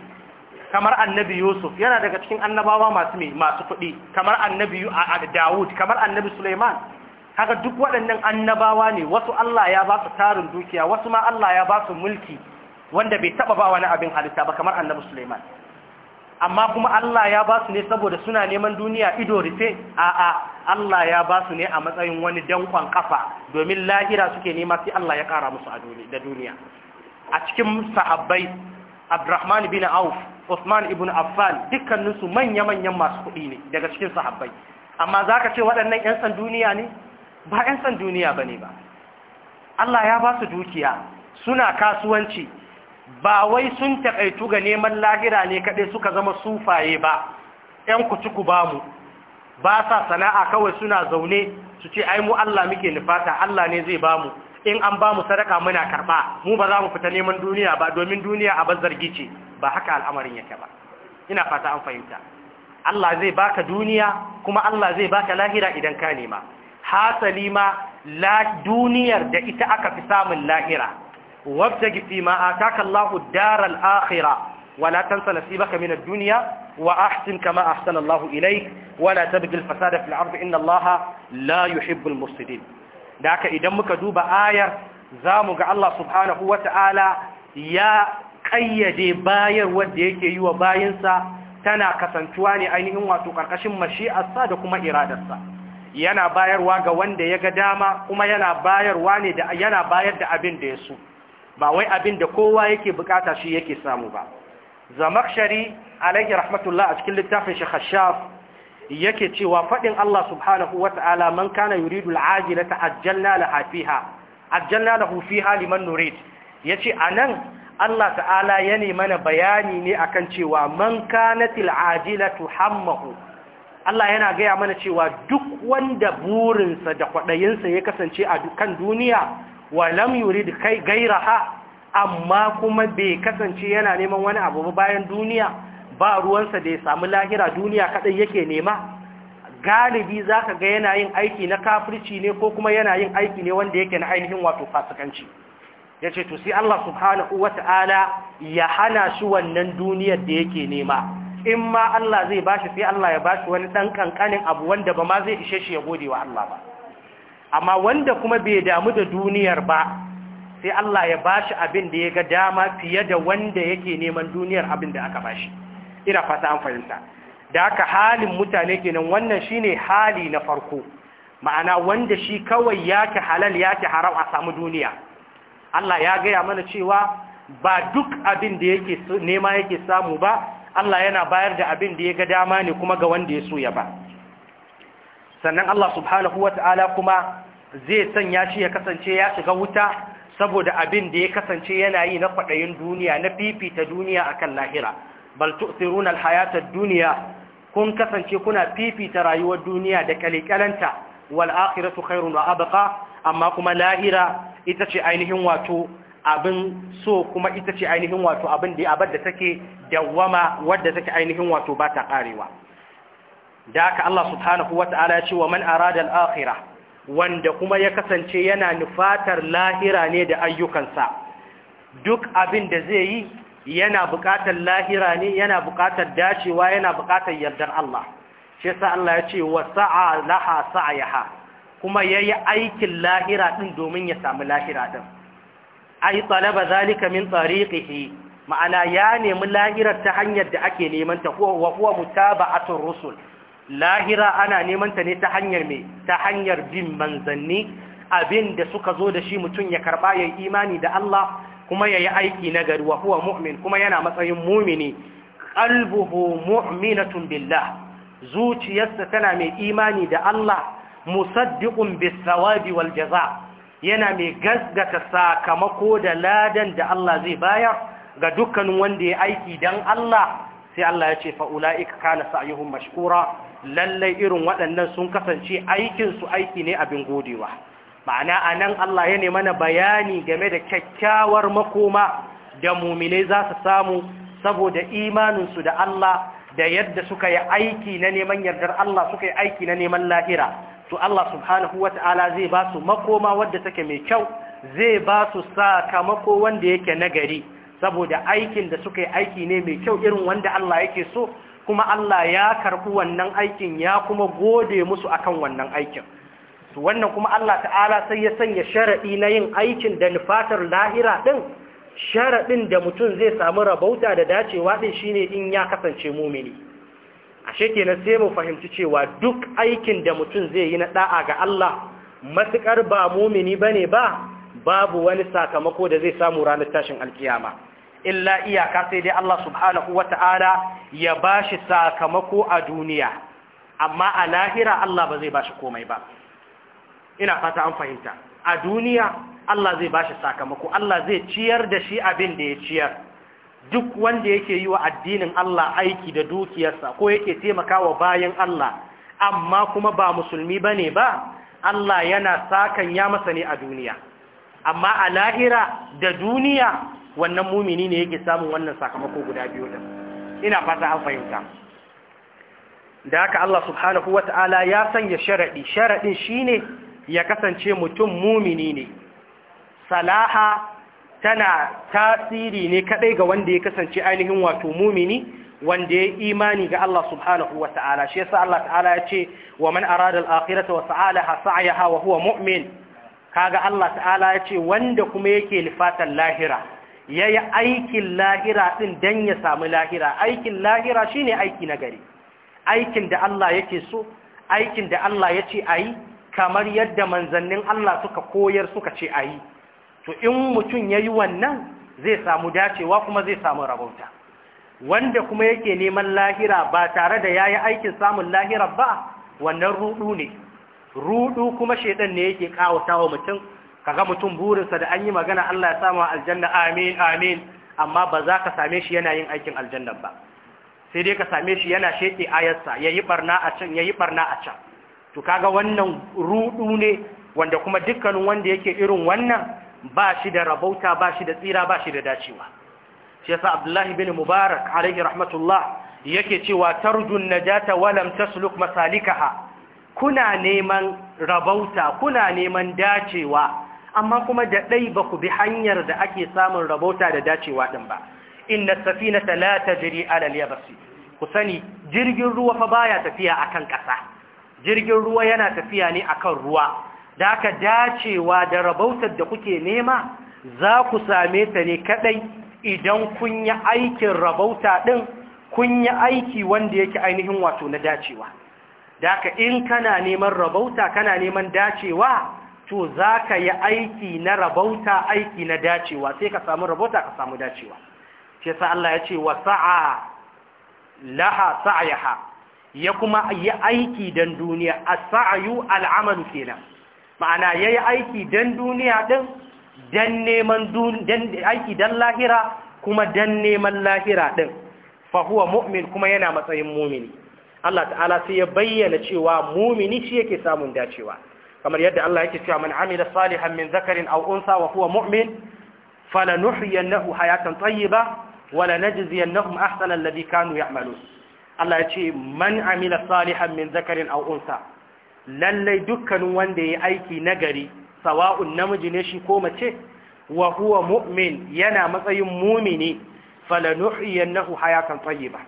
kamar annabi Yusuf yana daga cikin annabawa masu mai masu kuɗi kamar annabi Dawud kamar annabi Sulaiman haka duk waɗannan annabawa ne wasu Allah ya ba su tarin dukiya wasu ma Allah ya ba su mulki wanda bai taɓa ba wani abin halitta ba kamar annabi Sulaiman amma kuma Allah ya ba su ne saboda suna neman duniya ido rufe a'a Allah ya ba su ne a matsayin wani dankon kafa domin lahira suke nema sai Allah ya kara musu a da duniya a cikin sahabbai Abdurrahman bin Auf Usman ibn Affan dukkaninsu manya-manyan masu kuɗi ne daga cikin sahabbai amma za ka ce waɗannan 'yan san duniya ne ba 'yan san duniya ba ne ba Allah ya ba su dukiya suna kasuwanci ba wai sun taƙaitu ga neman lahira ne kaɗai suka zama sufaye ba 'yan kutuku ba mu ba sa sana'a kawai suna zaune su ce ai mu Allah muke nufata Allah ne zai ba mu in an ba mu sadaka muna karba mu ba za mu fita neman duniya ba domin duniya a zargi ce ba haka al'amarin yake ba ina fata an fahimta Allah zai baka duniya kuma Allah zai baka lahira idan ka nema hasali ma la duniyar da ita aka fi samun lahira wabtagi fi ma ataka daral akhirah ولا تنس نصيبك من kama وأحسن كما أحسن wala إليك ولا تبغي الفساد في الأرض إن الله لا يحب المفسدين da haka idan muka duba ayar za mu ga Allah subhanahu wa ta'ala ya ƙayyade bayar wadda yake yi wa bayansa tana kasantuwa ne ainihin wato ƙarƙashin mashi'arsa da kuma iradarsa yana bayarwa ga wanda ya ga dama kuma yana bayarwa ne da yana bayar da abin da ya so ba wai abin da kowa yake bukata shi yake samu ba zamakshari alaihi rahmatullah a cikin littafin shi khashaf yake cewa faɗin Allah subhanahu wa ta'ala man kana yuridu al'ajilata ajjalna laha fiha ajjalna lahu fiha liman nurid yace anan Allah ta'ala ya mana bayani ne akan cewa man kanatil ajilatu hammahu Allah yana gaya mana cewa duk wanda burinsa da kwaɗayinsa ya kasance a dukkan duniya wa lam yurid kai gairaha amma kuma bai kasance yana neman wani abu bayan duniya ba ruwansa da ya samu lahira duniya kaɗai yake nema galibi za ka ga yana yin aiki na kafirci ne ko kuma yana yin aiki ne wanda yake na ainihin wato fasikanci ya ce to sai Allah subhanahu wa ta'ala ya hana shi wannan duniyar da yake nema in ma Allah zai bashi sai Allah ya bashi wani ɗan ƙanƙanin abu wanda ba ma zai ishe shi ya gode wa Allah ba amma wanda kuma bai damu da duniyar ba sai Allah ya bashi abin da ya ga dama fiye da wanda yake neman duniyar abin da aka ba shi ina fata an fahimta da haka halin mutane kenan wannan shine hali na farko ma'ana wanda shi kawai yake halal yake haram a samu duniya Allah ya gaya mana cewa ba duk abin da yake nema yake samu ba Allah yana bayar da abin da ya ga dama ne kuma ga wanda ya so ya ba sannan Allah subhanahu wata'ala kuma zai sanya shi ya kasance ya shiga wuta saboda abin da ya kasance yana yi na kwaɗayin duniya na fifita duniya akan lahira bal tu'thiruna al-hayata ad-dunya kun kasance kuna fifita rayuwar duniya da kalikalanta wal akhiratu khairun wa abqa amma kuma lahira ita ce ainihin wato abin so kuma ita ce ainihin wato abin da abar take dawwama wanda take ainihin wato ba ta karewa da haka Allah subhanahu wata'ala ya ce wa man arada al wanda kuma ya kasance yana nufatar lahira ne da ayyukansa duk abin da zai yi yana buƙatar lahira ne yana buƙatar dacewa yana buƙatar yardar Allah shi yasa Allah ya ce wa sa'a laha sa'yaha kuma yayi aikin lahira din domin ya samu lahira din ai talaba zalika min tariqihi ma'ana ya nemi lahirar ta hanyar da ake neman ta wa huwa mutaba'atur rusul lahira ana neman ta ne ta hanyar me ta hanyar bin manzanni abin da suka zo da shi mutum ya karba ya imani da Allah kuma yayi aiki na gari wa huwa mu'min kuma yana matsayin mu'mini qalbuhu mu'minatun billah zuciyarsa tana mai imani da Allah musaddiqun bis wal jaza yana mai gasgata sakamako da ladan da Allah zai bayar ga dukkanin wanda ya aiki dan Allah sai Allah ya ce fa ulaika kana sa'yuhum mashkura lallai irin waɗannan sun kasance aikin su aiki ne abin godewa ma'ana a nan Allah ya mana bayani game da kyakkyawar makoma da mumine za su samu saboda imaninsu da Allah da yadda suka yi aiki na neman yardar Allah suka yi aiki na neman lahira to Allah subhanahu ta'ala zai ba su makoma wadda take mai kyau zai ba su sakamako wanda yake nagari saboda aikin da suka yi aiki ne mai kyau irin wanda Allah yake so kuma Allah ya karɓi wannan aikin ya kuma gode musu akan wannan aikin wannan kuma Allah ta'ala sai ya sanya sharaɗi na yin aikin da nufatar lahira ɗin sharaɗin da mutum zai samu rabauta da dacewa ɗin shine in ya kasance mumini sheke na sai mu fahimci cewa duk aikin da mutum zai yi na ɗa'a ga Allah matuƙar ba mumini bane ba babu wani sakamako da zai samu ranar tashin alkiyama illa iyaka sai dai Allah subhanahu wata'ala ya ba shi sakamako a duniya amma a lahira Allah ba zai ba shi komai ba ina fata an fahimta a duniya Allah zai bashi sakamako Allah zai ciyar da shi abin da ya ciyar duk wanda yake yi wa addinin Allah aiki da dukiyarsa ko yake taimakawa bayan Allah amma kuma ba musulmi bane ba Allah yana sakan ya masa ne a duniya amma a lahira da duniya wannan mumini ne yake samun wannan sakamako guda biyu din ina fata an fahimta da haka Allah subhanahu wata'ala ya sanya sharadi sharadin shine ya kasance mutum mumini ne salaha tana tasiri ne kadai ga wanda ya kasance ainihin wato mumini wanda ya imani ga Allah subhanahu wa ta'ala shi yasa Allah ta'ala ya ce wa man arada al-akhirata wa sa'alaha ya hawa huwa mu'min kaga Allah ta'ala ya ce wanda kuma yake lifatan lahira yayi aikin lahira din dan ya samu lahira aikin lahira shine aiki na gari aikin da Allah yake so aikin da Allah ya ce ayi kamar yadda manzannin Allah suka koyar suka ce a yi to in mutum ya yi wannan zai samu dacewa kuma zai samu rabauta wanda kuma yake neman lahira ba tare da ya yi aikin samun lahira ba wannan ruɗu ne rudu kuma shaidan ne yake kawata wa mutum ga mutum burinsa da an yi magana Allah ya samu aljanna amin amin amma ba za ka same shi yana yin aikin aljanna ba sai dai ka same shi yana sheke ayarsa yayi barna a can yayi barna a can to kaga wannan rudu ne wanda kuma dukkanin wanda yake irin wannan ba shi da rabauta ba shi da tsira ba shi da dacewa shi yasa abdullahi bin mubarak alaihi rahmatullah yake cewa tarjun najata Walam, lam tasluk masalikaha kuna neman rabauta kuna neman dacewa amma kuma da dai ba ku bi hanyar da ake samun rabauta da dacewa din ba inna safinata la tajri ala al-yabsi ku sani jirgin ruwa fa baya tafiya akan kasa jirgin ruwa yana tafiya ne akan ruwa da aka dacewa da rabautar da kuke nema za ku same ta ne kadai idan kun yi aikin rabauta din kun yi aiki wanda yake ainihin wato na dacewa da aka in kana neman rabauta kana neman dacewa to za ka yi aiki na rabauta aiki na dacewa sai ka samu rabauta ka samu dacewa shi yasa Allah ya ce wa sa'a laha sa'yaha ya kuma yi aiki don duniya as-sa'yu al'amalu nan ma'ana yayi aiki don duniya din dan neman aiki dan lahira kuma dan neman lahira din fa huwa mu'min kuma yana matsayin mu'mini Allah ta'ala sai ya bayyana cewa mu'mini shi yake samun dacewa kamar yadda Allah yake cewa man amila salihan min zakarin aw unsa wa huwa mu'min falanuhyiyannahu hayatan tayyiba wa lanajziyannahu ahsana alladhi kanu ya'malun Allah ya ce man amila salihan min zakarin aw unsa lallai dukkanin wanda ya aiki na gari, sawa'un namiji ne shi ko mace wa huwa mu'min yana matsayin mumini kan hayatan ba,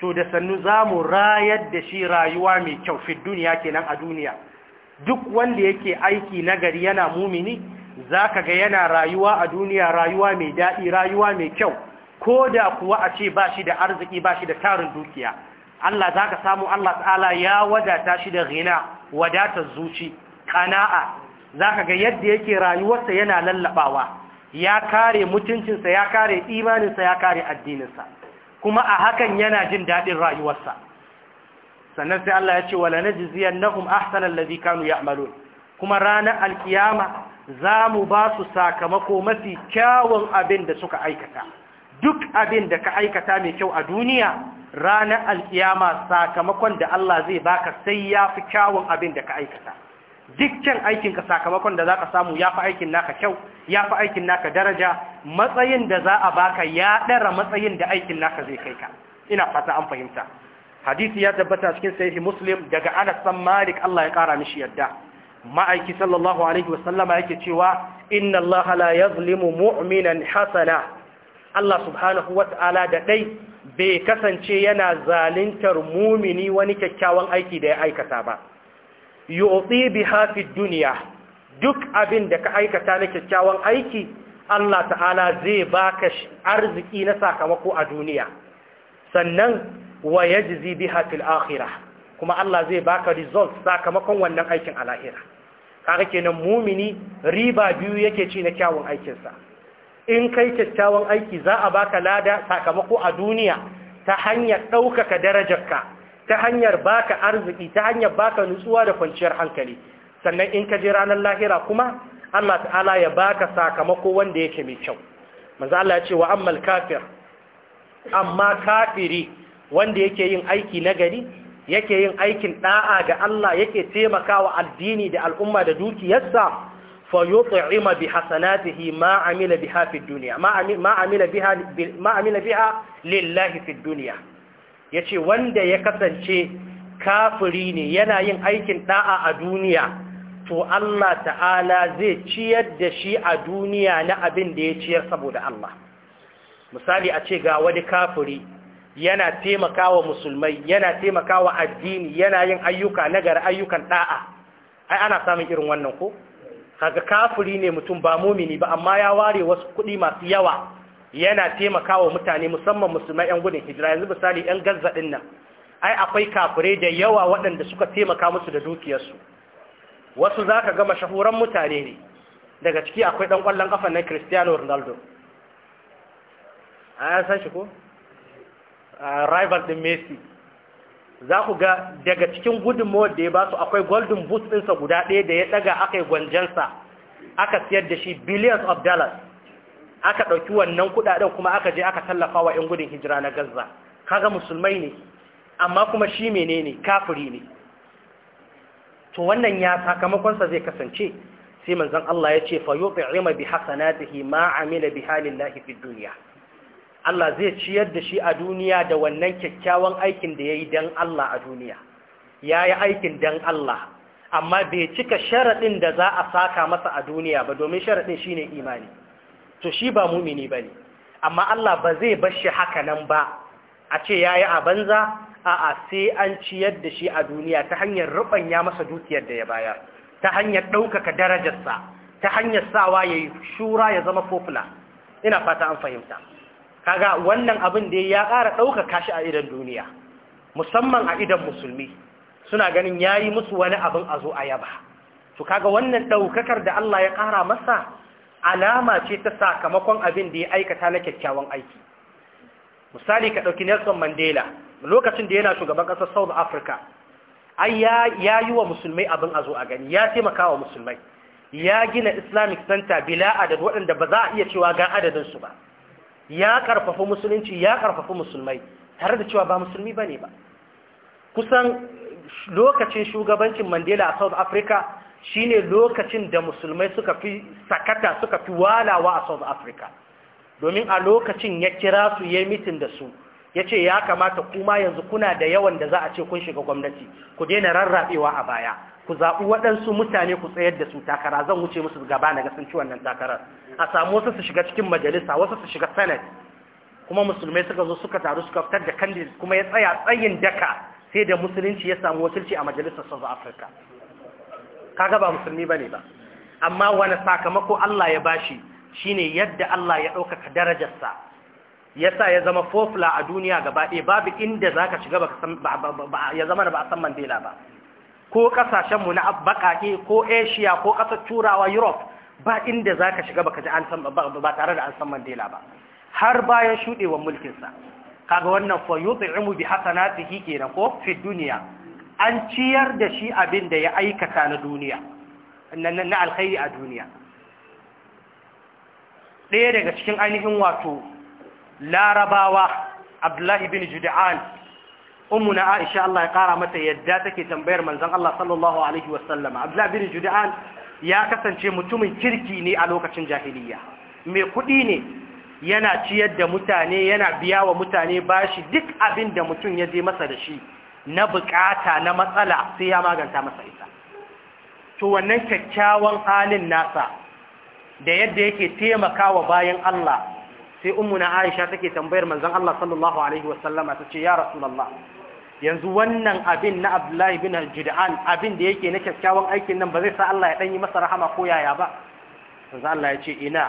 to da sannu zamu rayar da shi rayuwa mai kyau fi duniya kenan a duniya duk wanda yake aiki nagari yana mumini zaka ga yana rayuwa a duniya rayuwa mai daɗi rayuwa mai kyau ko da kuwa a ce ba shi da arziki ba shi da tarin dukiya Allah za ka samu Allah ta'ala ya wadata shi da ghina wadatar zuci kana'a za ka ga yadda yake rayuwarsa yana lallabawa ya kare mutuncinsa ya kare imaninsa ya kare addininsa kuma a hakan yana jin daɗin rayuwarsa sannan sai Allah ya ce wala najziyannahum ahsana allazi kanu ya'malun kuma ranar alkiyama za mu ba su sakamako mafi kyawun abin da suka aikata duk abin da ka aikata mai kyau a duniya ranar alkiyama sakamakon da Allah zai baka sai ya fi kyawun abin da ka aikata dukkan aikinka sakamakon da za ka samu ya fi aikin naka kyau ya fi aikin naka daraja matsayin da za a baka ya ɗara matsayin da aikin naka zai kai ka ina fata an fahimta hadisi ya tabbata cikin sayi muslim daga anas san malik Allah ya ƙara mishi yadda ma'aiki sallallahu alaihi wasallama yake cewa inna Allah la yazlimu mu'minan hasana Allah subhanahu wa ta'ala da ɗai bai kasance yana zalintar mumini wani kyakkyawan aiki da ya aikata ba Yotsi bi hafi duniya duk abin da ka aikata na kyakkyawan aiki Allah ta'ala zai baka arziki na sakamako a duniya sannan wa yajzi biha fil akhira kuma Allah zai baka result sakamakon wannan aikin a lahira kenan mumini riba biyu yake ci na kyawun aikinsa in kai kyakkyawan aiki za a baka lada sakamako a duniya ta hanyar ɗaukaka darajarka ta hanyar baka arziki ta hanyar baka nutsuwa da kwanciyar hankali sannan in ka je ranar lahira kuma Allah ta'ala ya baka sakamako wanda yake mai kyau manzo Allah ya ce wa ammal kafir amma kafiri wanda yake yin aiki nagari yake yin aikin da'a ga Allah yake taimakawa addini da al'umma da dukiyarsa فيطعم بحسناته ما عمل بها في الدنيا ما عمل بها ما عمل بها لله في الدنيا yace wanda ya kasance kafiri ne yana yin aikin da'a a duniya to Allah ta'ala zai ciyar da shi a duniya na abin da ya ciyar saboda Allah misali a ce ga wani kafiri yana taimakawa musulmai yana taimakawa addini yana yin ayyuka na gara ayyukan da'a ai ana samun irin wannan ko kaga kafiri ne mutum ba mumini ba amma ya ware wasu kuɗi masu yawa yana taimakawa mutane musamman musulmai yan gudun hijira yanzu misali yan gazza din nan ai akwai kafirai da yawa waɗanda suka taimaka musu da dukiyarsu wasu za ka gama shahuran mutane ne daga ciki akwai ɗan ƙwallon ƙafa na cristiano ronaldo a shi ko rival ɗin messi za ku ga daga cikin gudunmawar da ya ba su akwai golden boot ɗinsa guda ɗaya da ya ɗaga aka yi gwanjansa aka siyar da shi billions of dollars aka ɗauki wannan kuɗaɗen kuma aka je aka tallafa wa 'yan gudun hijira na gaza kaga musulmai ne amma kuma shi menene kafiri ne to wannan ya sakamakonsa zai kasance sai manzon Allah ya ce fa rima bi hasanatihi ma amila halin lillahi duniya Allah zai ciyar da shi a duniya da wannan kyakkyawan aikin da ya yi don Allah a duniya ya yi aikin don Allah amma bai cika sharaɗin da za a saka masa a duniya ba domin sharaɗin shi ne imani to shi ba mumini ba ne amma Allah ba zai bar shi haka nan ba a ce ya yi a banza a'a sai an ciyar da shi a duniya ta hanyar ya masa dukiyar da ya bayar ta hanyar ɗaukaka darajarsa ta hanyar sawa ya yi shura ya zama fofula ina fata an fahimta kaga wannan abin da ya ƙara ɗaukaka shi a idan duniya musamman a idan musulmi suna ganin ya yi musu wani abin a zo a yaba to kaga wannan ɗaukakar da Allah ya ƙara masa alama ce ta sakamakon abin da ya aikata na kyakkyawan aiki misali ka ɗauki Nelson Mandela lokacin da yana shugaban ƙasar South Africa ai ya yi wa musulmai abin a zo a gani ya taimaka wa musulmai ya gina Islamic Center bila adad waɗanda ba za a iya cewa ga adadinsu ba ya ƙarfafa musulunci ya ƙarfafa musulmai tare da cewa ba musulmi bane ba kusan lokacin shugabancin Mandela a South Africa shine lokacin da musulmai suka fi sakata suka fi walawa a South Africa domin a lokacin ya kira su yi mitin da su ya ce ya kamata kuma yanzu kuna da yawan da za a ce kun shiga gwamnati ku daina rarrabewa a baya ku zaɓi waɗansu mutane ku tsayar da su takara zan wuce musu gaba na ga sun ci wannan takarar a samu wasu su shiga cikin majalisa wasu su shiga senate kuma musulmai suka zo suka taru suka fitar da kandil kuma ya tsaya tsayin daka sai da musulunci ya samu wakilci a majalisar South afirka kaga ba musulmi ba ne ba amma wani sakamako Allah ya bashi shine yadda Allah ya ɗaukaka darajarsa ya sa ya zama fofula a duniya gaba ɗaya babu inda za ka shiga ba ya zama da ba a san Mandela ba ko kasashenmu na baƙaƙe ko asia ko ƙasar turawa europe ba inda za ka shiga baka ji ba tare da an san mandela ba har bayan shuɗewa mulkinsa kaga wannan fa yut'imu bi hasanatihi na ko fi duniya an ciyar da shi abin da ya aikata na duniya na alkhairi a duniya ɗaya daga cikin ainihin wato larabawa abdullahi bin juda'an ummu na Aisha Allah ya kara mata yadda take tambayar manzon Allah sallallahu alaihi Abdullah bin Jud'an ya kasance mutumin kirki ne a lokacin jahiliya mai kudi ne yana ciyar da mutane yana biya wa mutane bashi duk abin da mutum ya je masa da shi na bukata na matsala sai ya maganta masa ita to wannan kyakkyawan halin nasa da yadda yake taimakawa bayan Allah sai ummuna Aisha take tambayar manzon Allah sallallahu alaihi wasallama tace ya rasulullah yanzu wannan abin na abdullahi bin jud'an abin da yake na kyakkyawan aikin nan ba zai sa Allah ya danyi yi masa rahama ko yaya ba yanzu Allah ya ce ina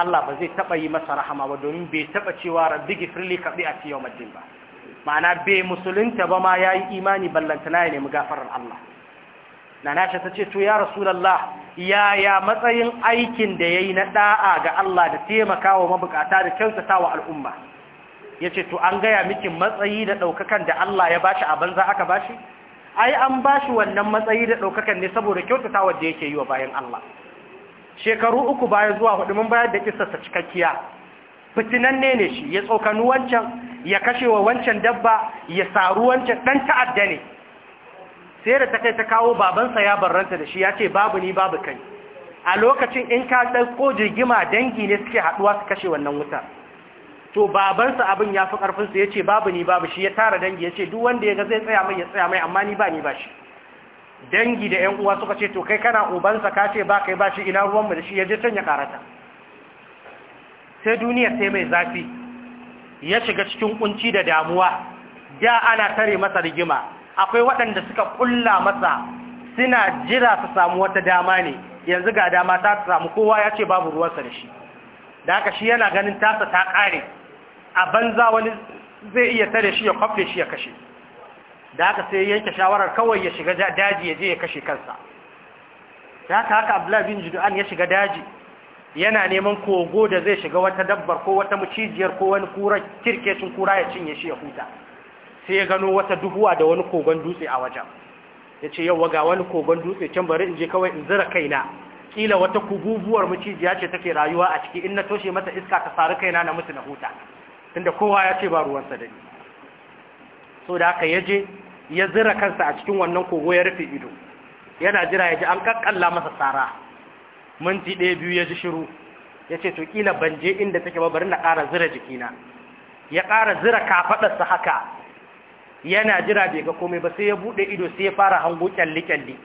Allah ba zai taba yi masa rahama ba domin bai taba cewa rabbi gifrili kabi a ci yawmaddin ba ma'ana bai musulunta ba ma yayi imani ballantana ya nemi gafarar Allah nana ta ce to ya rasulullah yaya matsayin aikin da yayi na da'a ga Allah da taimakawa mabukata da kyautatawa al'umma ya ce to an gaya miki matsayi da ɗaukakan da Allah ya bashi a banza aka bashi ai an bashi wannan matsayi da ɗaukakan ne saboda kyautata wadda yake yi wa bayan Allah shekaru uku baya zuwa hudu mun bayar da kisarsa cikakkiya fitinanne ne shi ya tsokanu wancan ya kashe wa wancan dabba ya saru wancan ɗan ta'adda ne sai da ta kai ta kawo babansa ya barranta da shi ya ce babu ni babu kai a lokacin in ka ɗauko jirgima dangi ne suke haɗuwa su kashe wannan wutar to babansa abin ya fi ƙarfinsa ya ce babu ni babu shi ya tara dangi ya ce duk wanda ya ga zai tsaya mai ya tsaya mai amma ni ba ni ba shi dangi da 'yan uwa suka ce to kai kana ubansa ka ce ba kai ba shi ina ruwanmu da shi ya je can ya karata sai duniya sai mai zafi ya shiga cikin kunci da damuwa da ana tare masa rigima akwai waɗanda suka kulla masa suna jira su samu wata dama ne yanzu ga dama ta samu kowa ya ce babu ruwansa da shi da aka shi yana ganin tasa ta ƙare a banza wani zai iya tare shi ya kwafe shi ya kashe da aka sai yanke shawarar kawai ya shiga daji ya je ya kashe kansa da haka haka abdullahi bin ya shiga daji yana neman kogo da zai shiga wata dabbar ko wata mucijiyar ko wani kura kirkecin kura ya cinye shi ya huta sai ya gano wata duhuwa da wani kogon dutse a wajen ya ce yau ga wani kogon dutse can bari in je kawai in zira kaina kila wata kububuwar mucijiya ce take rayuwa a ciki in na toshe mata iska ta sari kaina na mutu na huta tunda kowa ya ce ba ruwansa da ni so da haka ya ya zira kansa a cikin wannan kogo ya rufe ido yana jira ya ji an kakkalla masa tsara minti ɗaya biyu ya ji shiru ya ce to kila ban je inda take ba bari na ƙara zira jikina ya ƙara zira kafaɗarsa haka yana jira bai ga komai ba sai ya buɗe ido sai ya fara hango kyalli-kyalli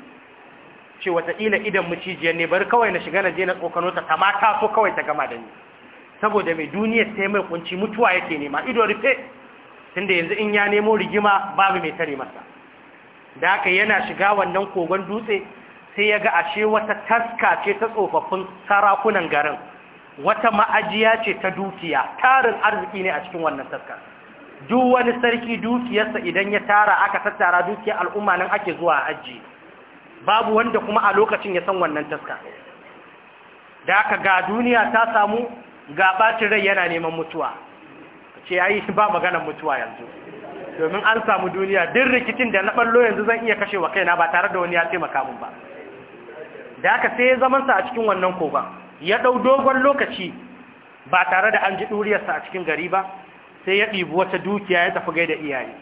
ce wataƙila idan macijiyar ne bari kawai na shiga na je na tsokano ta kama ta so kawai ta gama da ni saboda mai duniya sai mai kunci mutuwa yake nema ido rufe tunda yanzu in ya nemo rigima babu mai tare masa da aka yana shiga wannan kogon dutse sai ya ga ashe wata taska ce ta tsofaffin sarakunan garin wata ma'ajiya ce ta dukiya tarin arziki ne a cikin wannan taska. duk wani sarki dukiyarsa idan ya tara aka tattara dukiyar al'umma nan ake zuwa ajiye babu wanda kuma a lokacin ya san wannan taska da aka ga duniya ta samu ga ɓacin rai yana neman mutuwa ce ya yi shi ba maganan mutuwa yanzu domin an samu duniya duk rikicin da na ɓallo yanzu zan iya kashe wa kaina ba tare da wani ya taimaka mun ba da aka sai ya zaman sa a cikin wannan kogon ya ɗau dogon lokaci ba tare da an ji ɗuriyarsa a cikin gari ba sai ya ɗibi wata dukiya ya tafi gai da iyaye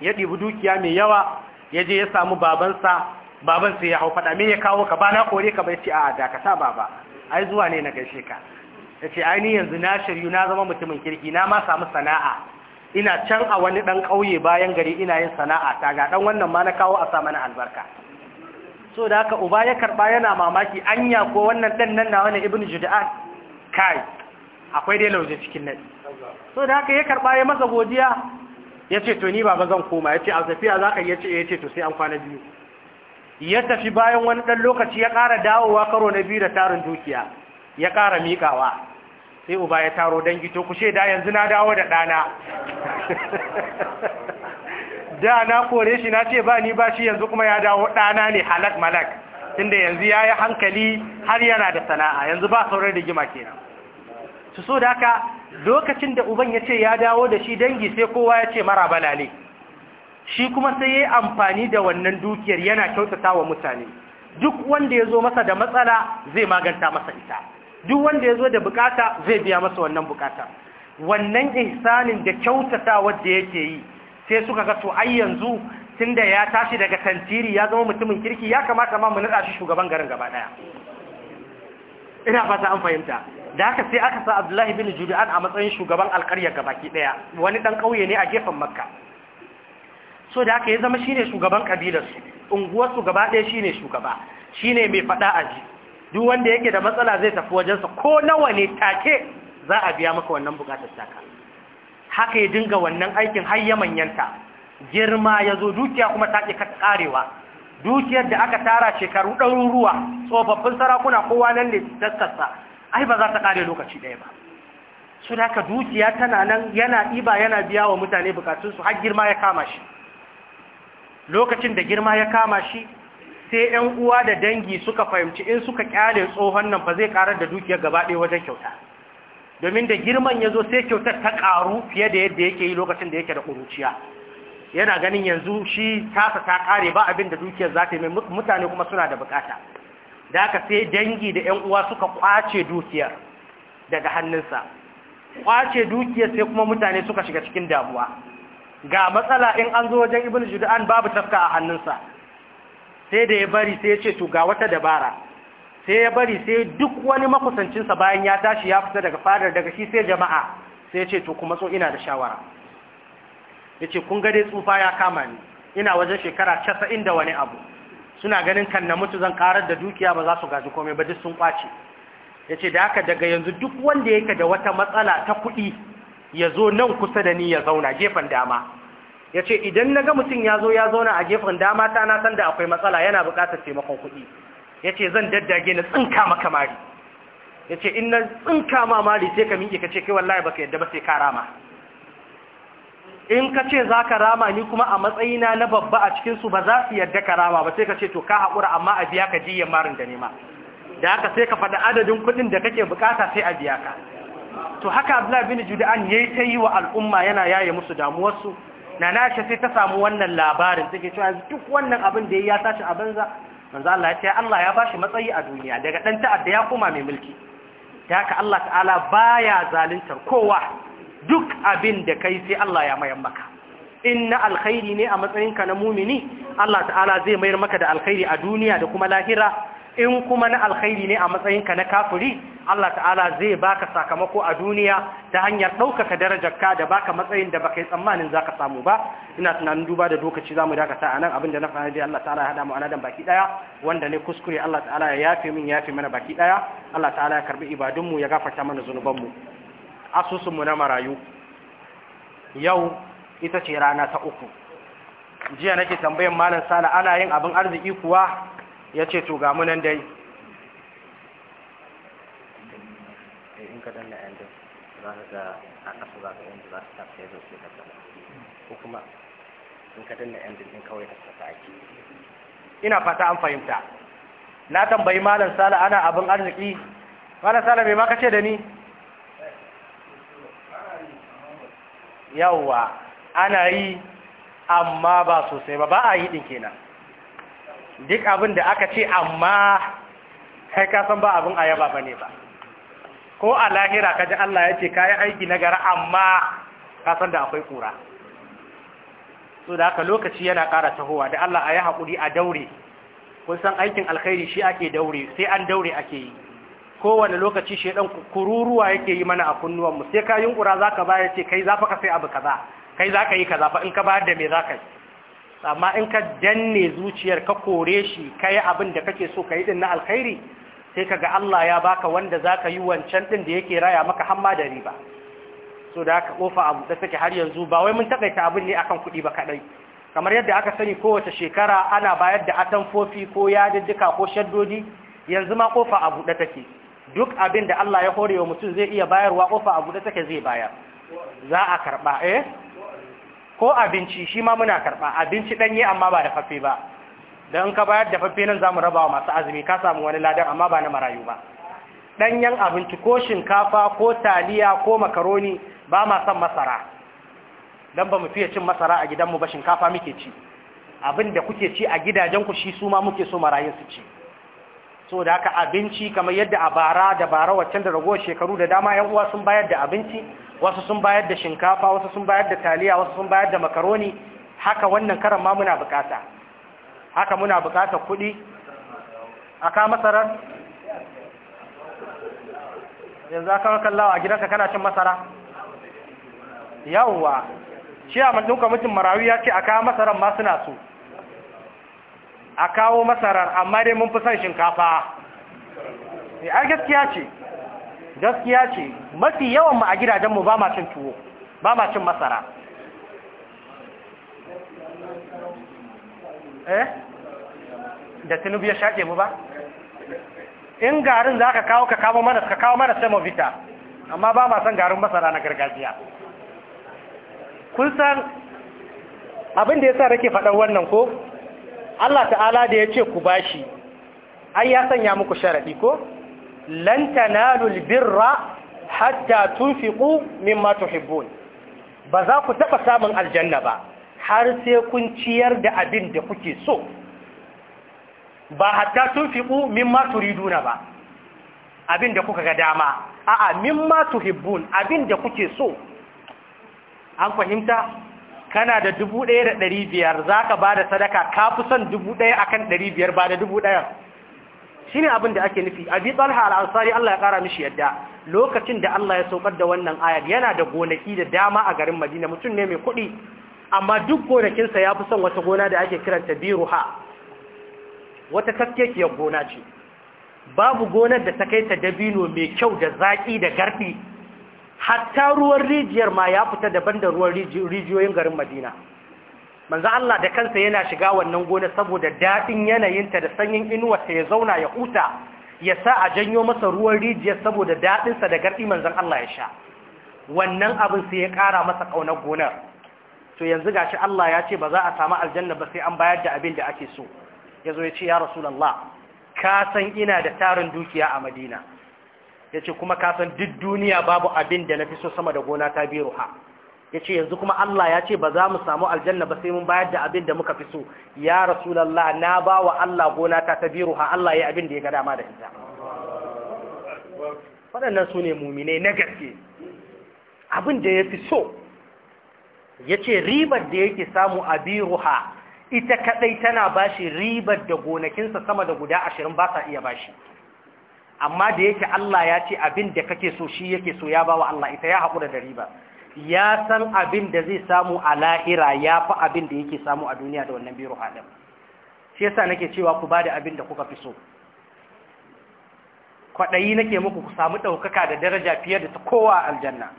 ya ɗibi dukiya mai yawa ya je ya samu babansa babansa ya hau faɗa me ya kawo ka ba na kore ka bai ce a dakata baba ai zuwa ne na gaishe ka ya ce aini yanzu na shirya na zama mutumin kirki na ma samu sana'a ina can a wani ɗan ƙauye bayan gari ina yin sana'a ta ga ɗan wannan ma na kawo a sa mana albarka so da haka uba ya karɓa yana mamaki anya ko wannan ɗan nan na wani ibn juda'an kai akwai dai lauje cikin nan so da haka ya karɓa ya masa godiya ya ce to ni baba zan koma ya ce a tafiya za ka ya ce eh, ya ce to sai an kwana biyu ya tafi bayan wani ɗan lokaci ya ƙara dawowa karo na biyu da tarin dukiya ya ƙara miƙawa sai uba ya taro dangi to ku da yanzu na dawo da ɗana da na kore shi na ce ba ni ba shi yanzu kuma ya dawo ɗana ne halak malak tunda yanzu ya yi hankali har yana da sana'a yanzu ba da gima kenan su so da haka lokacin da uban ya ce ya dawo da shi dangi sai kowa ya ce mara bala ne shi kuma sai ya yi amfani da wannan dukiyar yana kyautata wa mutane duk wanda ya zo masa da matsala zai maganta masa ita duk wanda ya zo da bukata zai biya masa wannan bukata wannan ihsanin da kyautata wadda yake yi sai suka ga to ai yanzu tunda ya tashi daga tantiri ya zama mutumin kirki ya kamata ma mu nada shi shugaban garin gaba daya ina fata an fahimta da haka sai aka sa Abdullahi bin judan a matsayin shugaban alƙarya gabaki daya wani dan kauye ne a gefen Makka so da haka ya zama shine shugaban kabilar su unguwar su gaba daya shine shugaba shine mai fada aji duk wanda yake da matsala zai tafi wajensa ko nawa ne take za a biya maka wannan bukatar taka haka ya dinga wannan aikin har ya manyanta girma ya zo dukiya kuma ta ka karewa dukiyar da aka tara shekaru ɗaruruwa tsofaffin sarakuna kowa nan ne daskarsa ai ba za ta kare lokaci ɗaya ba su da dukiya tana nan yana ɗiba yana biya wa mutane bukatunsu har girma ya kama shi lokacin da girma ya kama shi sai ‘yan uwa da dangi suka fahimci in suka kyale tsohon nan fa zai karar da dukiyar gaba ɗaya wajen kyauta domin da girman ya zo sai kyautar ta ƙaru fiye da yadda yake yi lokacin da yake da ƙuruciya yana ganin yanzu shi tasa ta ƙare ba abin da dukiyar za ta yi mutane kuma suna da bukata da aka sai dangi da ‘yan uwa suka kwace dukiyar daga hannunsa kwace dukiyar sai kuma mutane suka shiga cikin damuwa ga matsala in an zo wajen ibn judan babu tafka a hannunsa sai da ya bari sai ya ce to ga wata dabara sai ya bari sai duk wani makusancinsa bayan ya tashi ya fita daga fadar daga shi sai jama'a sai ya ce to kuma so ina da shawara ya ce kun dai tsufa ya kama ni ina wajen shekara casa'in da wani abu suna ganin kan na mutu zan karar da dukiya ba za su gaji komai ba duk sun kwace ya ce da haka daga yanzu duk wanda yake da wata matsala ta kuɗi ya zo nan kusa da ni ya zauna gefen dama ya ce idan na ga mutum ya zo ya zauna a gefen dama ta na san akwai matsala yana buƙatar taimakon kuɗi ya ce zan daddage na tsinka maka mari ya ce in na tsinka ma mari sai ka miƙe ka ce kai wallahi baka yadda ba sai ka rama in ka ce za ka rama ni kuma a matsayina na babba a cikinsu ba za su yadda ka rama ba sai ka ce to ka haƙura amma a biya ka jiyan marin da nema da haka sai ka faɗi adadin kuɗin da kake bukata sai a biya ka to haka abdullahi bin juda'an yayi ta yi wa al'umma yana yaye musu damuwarsu na ce sai ta samu wannan labarin take cewa duk wannan abin da ya tashi a banza manzo Allah ya ce Allah ya bashi matsayi a duniya daga dan ta'adda ya koma mai mulki ta haka Allah ta'ala baya zaluntar kowa duk abin da kai sai Allah ya mayar maka inna alkhairi ne a matsayinka na mumini Allah ta'ala zai mayar maka da alkhairi a duniya da kuma lahira in kuma na alkhairi ne a matsayinka na kafuri, Allah ta'ala zai baka sakamako a duniya ta hanyar ɗaukaka darajarka da baka matsayin da baka yi tsammanin zaka samu ba ina tunanin duba da lokaci zamu dakata anan abin da na fara dai Allah ta'ala ya hada mu anadan baki ɗaya, wanda ne kuskure Allah ta'ala ya yafe min yafe mana baki ɗaya. Allah ta'ala ya karbi ibadunmu ya gafarta mana zunubanmu asusunmu na marayu yau ita ce rana ta uku jiya nake tambayan malam sala ana yin abin arziki kuwa ya ce to ga munan dai eh, in ka danna yan dai za ka ga a ƙasa za ka yan da za su tafi ya zoce ka gaba ko kuma in ka danna yan dai kawai ka saka ake ina fata an fahimta na tambayi malam sala ana abin arziki malam sala me ma ka ce da ni yawwa ana yi amma ba sosai ba ba a yi din kenan duk abin da aka ce amma kai ka san ba abin ayaba bane ba ko a lahira kaji Allah ya ce kayi aiki na gara amma ka san da akwai kura so da haka lokaci yana ƙara tahowa da Allah a yi haƙuri a daure kun san aikin alkhairi shi ake daure sai an daure ake yi kowane lokaci shi dan kururuwa yake yi mana a mu. sai ka yunkura za ka ya ce kai za ka sai abu kaza kai za ka yi kaza fa in ka bayar da me za ka yi amma in ka danne zuciyar ka kore shi ka yi abin da kake so ka yi din na alkhairi sai ka ga Allah ya baka wanda za ka yi wancan din da yake raya maka hamma da riba so da aka kofa abu da take har yanzu ba wai mun takaita abin ne akan kuɗi ba kaɗai kamar yadda aka sani kowace shekara ana bayar da atamfofi ko yadiddika ko shaddodi yanzu ma kofa abu da take duk abin da Allah ya hore wa mutum zai iya bayarwa kofa abu da take zai bayar za a karɓa eh ko abinci shi ma muna karɓa abinci ɗanye amma ba da fafe ba don ka bayar da fafe nan za mu raba wa masu azumi ka samu wani ladan amma ba na marayu ba ɗanyen abinci ko shinkafa ko taliya ko makaroni ba ma son masara don ba mu fiye cin masara a gidanmu ba shinkafa muke ci abin da kuke ci a gidajenku shi su ma muke so marayun su ci so da haka abinci kamar yadda a bara da bara waccan da ragowar shekaru da dama yan uwa sun bayar da abinci wasu sun bayar da shinkafa wasu sun bayar da taliya wasu sun bayar da makaroni haka wannan karan ma muna bukata haka muna bukata kuɗi a ka masarar yanzu aka wakan lawa a gidanka kana cin masara yawwa shi a mandun kwamitin marawi ya ce a kawo masara ma suna so a kawo masarar amma dai mun fi son shinkafa eh, a gaskiya ce gaskiya ce mafi yawan mu a gidajenmu ba ma cin tuwo ba ma cin masara eh da tinubu ya shaƙe mu ba in garin za ka kawo ka kawo mana ka kawo mana semovita amma ba ma san garin masara na gargajiya kun san abin da ya sa rake faɗar wannan ko Allah ta'ala da ya ce ku bashi ai ya sanya muku sharaɗi ko lan tanalu albirra hatta tunfiqu mimma tuhibbun ba za ku taba samun aljanna ba har sai kun ciyar da abin da kuke so ba hatta tunfiqu mimma turiduna ba abin da kuka ga dama a'a mimma tuhibbun abin da kuke so an fahimta kana da dubu ɗaya da ɗari biyar za ka ba da sadaka ka fi son dubu ɗaya akan ɗari biyar ba da dubu Shi ne abin da ake nufi abi talha al'ansari ansari Allah ya kara mishi yadda lokacin da Allah ya saukar da wannan ayar yana da gonaki da dama a garin Madina mutum ne mai kuɗi amma duk gonakinsa ya fi son wata gona da ake kiranta B-ru-ha. wata kaskekiyar gona ce babu gonar da ta kai ta dabino mai kyau da zaƙi da garɗi. hatta ruwan rijiyar ma ya fita daban da ruwan rijiyoyin garin Madina manzo Allah da kansa yana shiga wannan gona saboda daɗin yanayinta da sanyin ta ya zauna ya huta ya sa a janyo masa ruwan rijiya saboda daɗinsa da garɗi manzon Allah ya sha wannan abin sai ya kara masa ƙaunar gonar to yanzu gashi Allah ya ce ba za a samu aljanna ba sai an bayar da abin da ake so ya zo ya ce ya rasulallah ka san ina da tarin dukiya a madina ya kuma ka san duk duniya babu abin da na so sama da gona ta biyu ruha ya ce yanzu kuma Allah ya ce ba za mu samu aljanna ba sai mun bayar da abin da muka fi so ya rasulallah na ba wa Allah gona ta ta biru ha Allah ya abin da ya ga dama da ita waɗannan su ne mumine na gaske abin da ya fi so ya ce ribar da yake samu a ha ita kaɗai tana bashi ribar da gonakinsa sama da guda ashirin ba sa iya bashi amma da yake Allah ya ce abin da kake so shi yake so ya ba wa Allah ita ya haƙura da riba ya san abin da zai samu a lahira ya fi abin da yake samu a duniya da wannan biro halin shi yasa nake cewa ku ba da abin da kuka fi so kwaɗayi nake muku ku samu ɗaukaka da daraja fiye da ta kowa aljanna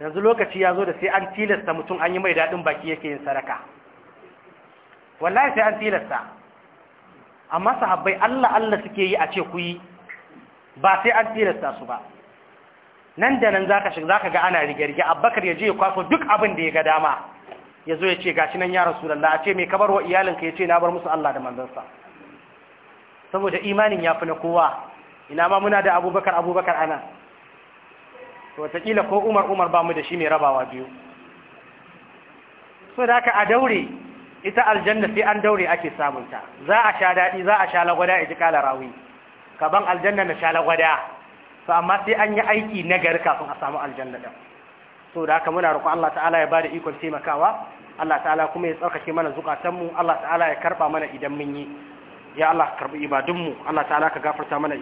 yanzu lokaci ya zo da sai an tilasta mutum an yi mai daɗin baki yake yin saraka wallahi sai an tilasta amma sahabbai Allah Allah suke yi a ce ku yi ba sai an tilasta su ba nan da nan zaka shiga zaka ga ana rige-rige yaje ya je ya kwaso duk abin da ya ga dama yazo zo ya ce gashi nan ya rasulullahi a ce me kabarwa wa iyalinka ya ce na bar musu Allah da manzansa saboda imanin ya fi na kowa ina ma muna da abubakar abubakar ana wataƙila ko umar umar ba mu da shi mai rabawa biyu so da haka a daure ita aljanna sai an daure ake samunta za a sha daɗi za a sha lagwada ya ji kala rawi kaban aljanna na sha lagwada to amma sai an yi aiki na gari kafin a samu aljanna din to da haka muna roƙon Allah ta'ala ya da ikon taimakawa Allah ta'ala kuma ya tsarkake mana zukatanmu Allah ta'ala ya karɓa mana idan mun yi ya Allah karɓi karbi ibadunmu Allah ta'ala ka gafarta mana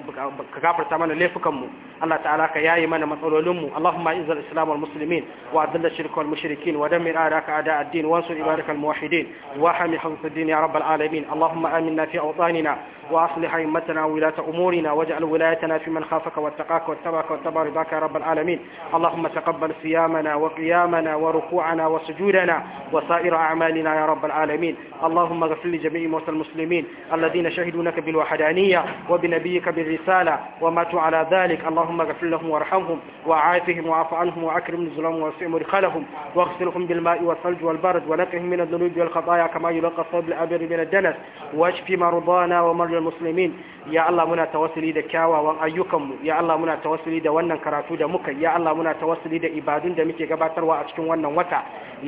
ka gafarta mana laifukanmu Allah ta'ala ka yayi mana matsalolinmu Allahumma izzil islam wal muslimin wa adhill ash-shirk wal mushrikin wa dammir a'daka a'da ad-din wa ansur ibadak al muwahhidin wa hami hawth ad-din ya rabb al alamin Allahumma aminna fi awtanina wa aslih a'immatana wa wilata umurina waj'al wilayatana fi man khafaka wattaqaka wattabaka wattaba ridaka ya rabb al alamin Allahumma taqabbal siyamana wa qiyamana wa ruku'ana wa sujudana wa a'malina ya rabb al alamin Allahumma ighfir li jami'i muslimin alladhi الذين شهدوا لك بالوحدانية وبنبيك بالرسالة وماتوا على ذلك اللهم اغفر لهم وارحمهم وعافهم وعف عنهم وأكرم نزلهم ووسع مدخلهم واغسلهم بالماء والثلج والبرد ونقهم من الذنوب والخطايا كما يلقى الثوب الأبيض من الدنس واشف مرضانا ومرضى المسلمين ya Allah muna tawassuli da kyawawan ayyukanmu ya Allah muna tawassuli da wannan karatu da muka ya Allah muna tawassuli da ibadun da muke gabatarwa a cikin wannan wata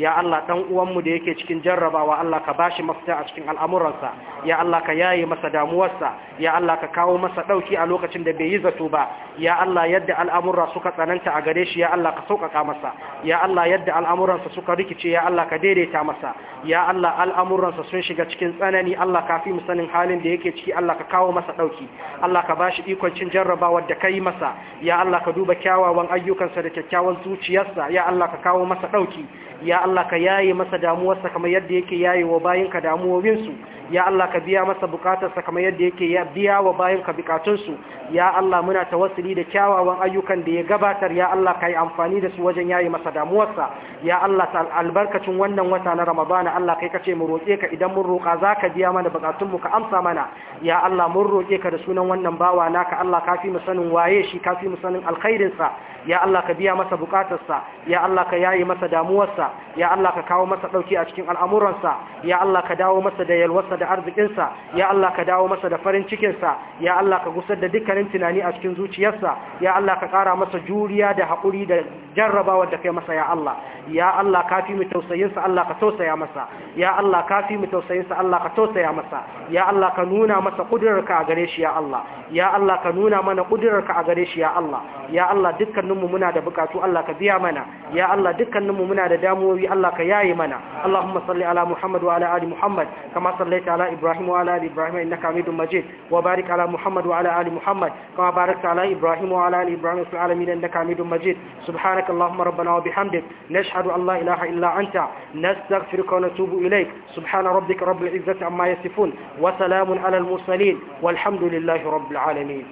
ya Allah dan uwanmu da yake cikin jarrabawa Allah ka bashi mafita a cikin al'amuransa ya Allah ka yaye yaye masa damuwarsa ya Allah ka kawo masa dauki a lokacin da bai yi zato ba ya Allah yadda al'amurra suka tsananta a gare shi ya Allah ka sauƙaƙa masa ya Allah yadda al'amuransa suka rikice ya Allah ka daidaita masa ya Allah al'amuransa sun shiga cikin tsanani Allah ka fi mu halin da yake ciki Allah ka kawo masa dauki Allah ka bashi ikon cin jarrabawar da kai masa ya Allah ka duba kyawawan ayyukansa da kyakkyawan zuciyarsa ya Allah ka kawo masa ɗauki, ya Allah ka yaye masa damuwarsa kamar yadda yake yaye wa bayinka damuwowinsu ya Allah ka biya masa bukatarsa kamar yadda yake ya biya wa bayan ka bukatunsu ya Allah muna tawassuli da kyawawan ayyukan da ya gabatar ya Allah ka yi amfani da su wajen yayi masa damuwarsa ya Allah ta albarkacin wannan wata na Ramadana Allah kai ce mu roƙe ka idan mun roƙa zaka biya mana bukatunmu ka amsa mana ya Allah mun roƙe ka da sunan wannan bawa naka Allah ka fi mu sanin waye shi ka fi mu sanin alkhairinsa ya Allah ka biya masa bukatarsa ya Allah ka yayi masa damuwarsa ya Allah ka kawo masa dauki a cikin al'amuransa ya Allah ka dawo masa da yalwarsa da arzikinsa ya Allah ka dawo masa da farin cikinsa ya Allah ka gusar da dukkanin tunani a cikin zuciyarsa ya Allah ka ƙara masa juriya da haƙuri da jarrabawar da kai masa ya Allah ya Allah ka fi mu tausayinsa Allah ka tausaya masa ya Allah ka fi mu tausayinsa Allah ka tausaya masa ya Allah ka nuna masa ƙudurarka a gare shi ya Allah ya Allah ka nuna mana ƙudurarka a gare shi ya Allah ya Allah dukkaninmu muna da buƙatu Allah ka biya mana ya Allah dukkaninmu muna da damuwoyi Allah ka yaye mana Allahumma salli ala Muhammad wa ala ali Muhammad kama sallaita على إبراهيم وعلى آل إبراهيم إنك حميد مجيد وبارك على محمد وعلى آل محمد كما باركت على إبراهيم وعلى آل إبراهيم في العالمين إنك حميد مجيد سبحانك اللهم ربنا وبحمدك نشهد أن لا إله إلا أنت نستغفرك ونتوب إليك سبحان ربك رب العزة عما يصفون وسلام على المرسلين والحمد لله رب العالمين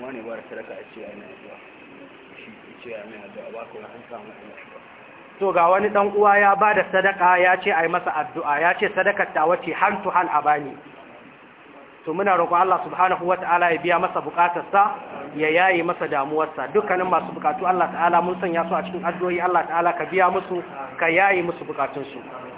wani ba da sadaka a ce ana addu'a shi ce a mai addu'a ba kuma an samu an to ga wani ɗan uwa ya ba da sadaka ya ce a yi masa addu'a ya ce sadakar ta wace hal to a bani, to muna roƙo Allah subhanahu wata'ala ya biya masa sa ya yayi masa damuwarsa dukkanin masu bukatu Allah ta'ala mun sanya su a cikin addu'o'i Allah ta'ala ka biya musu ka yayi musu buƙatunsu.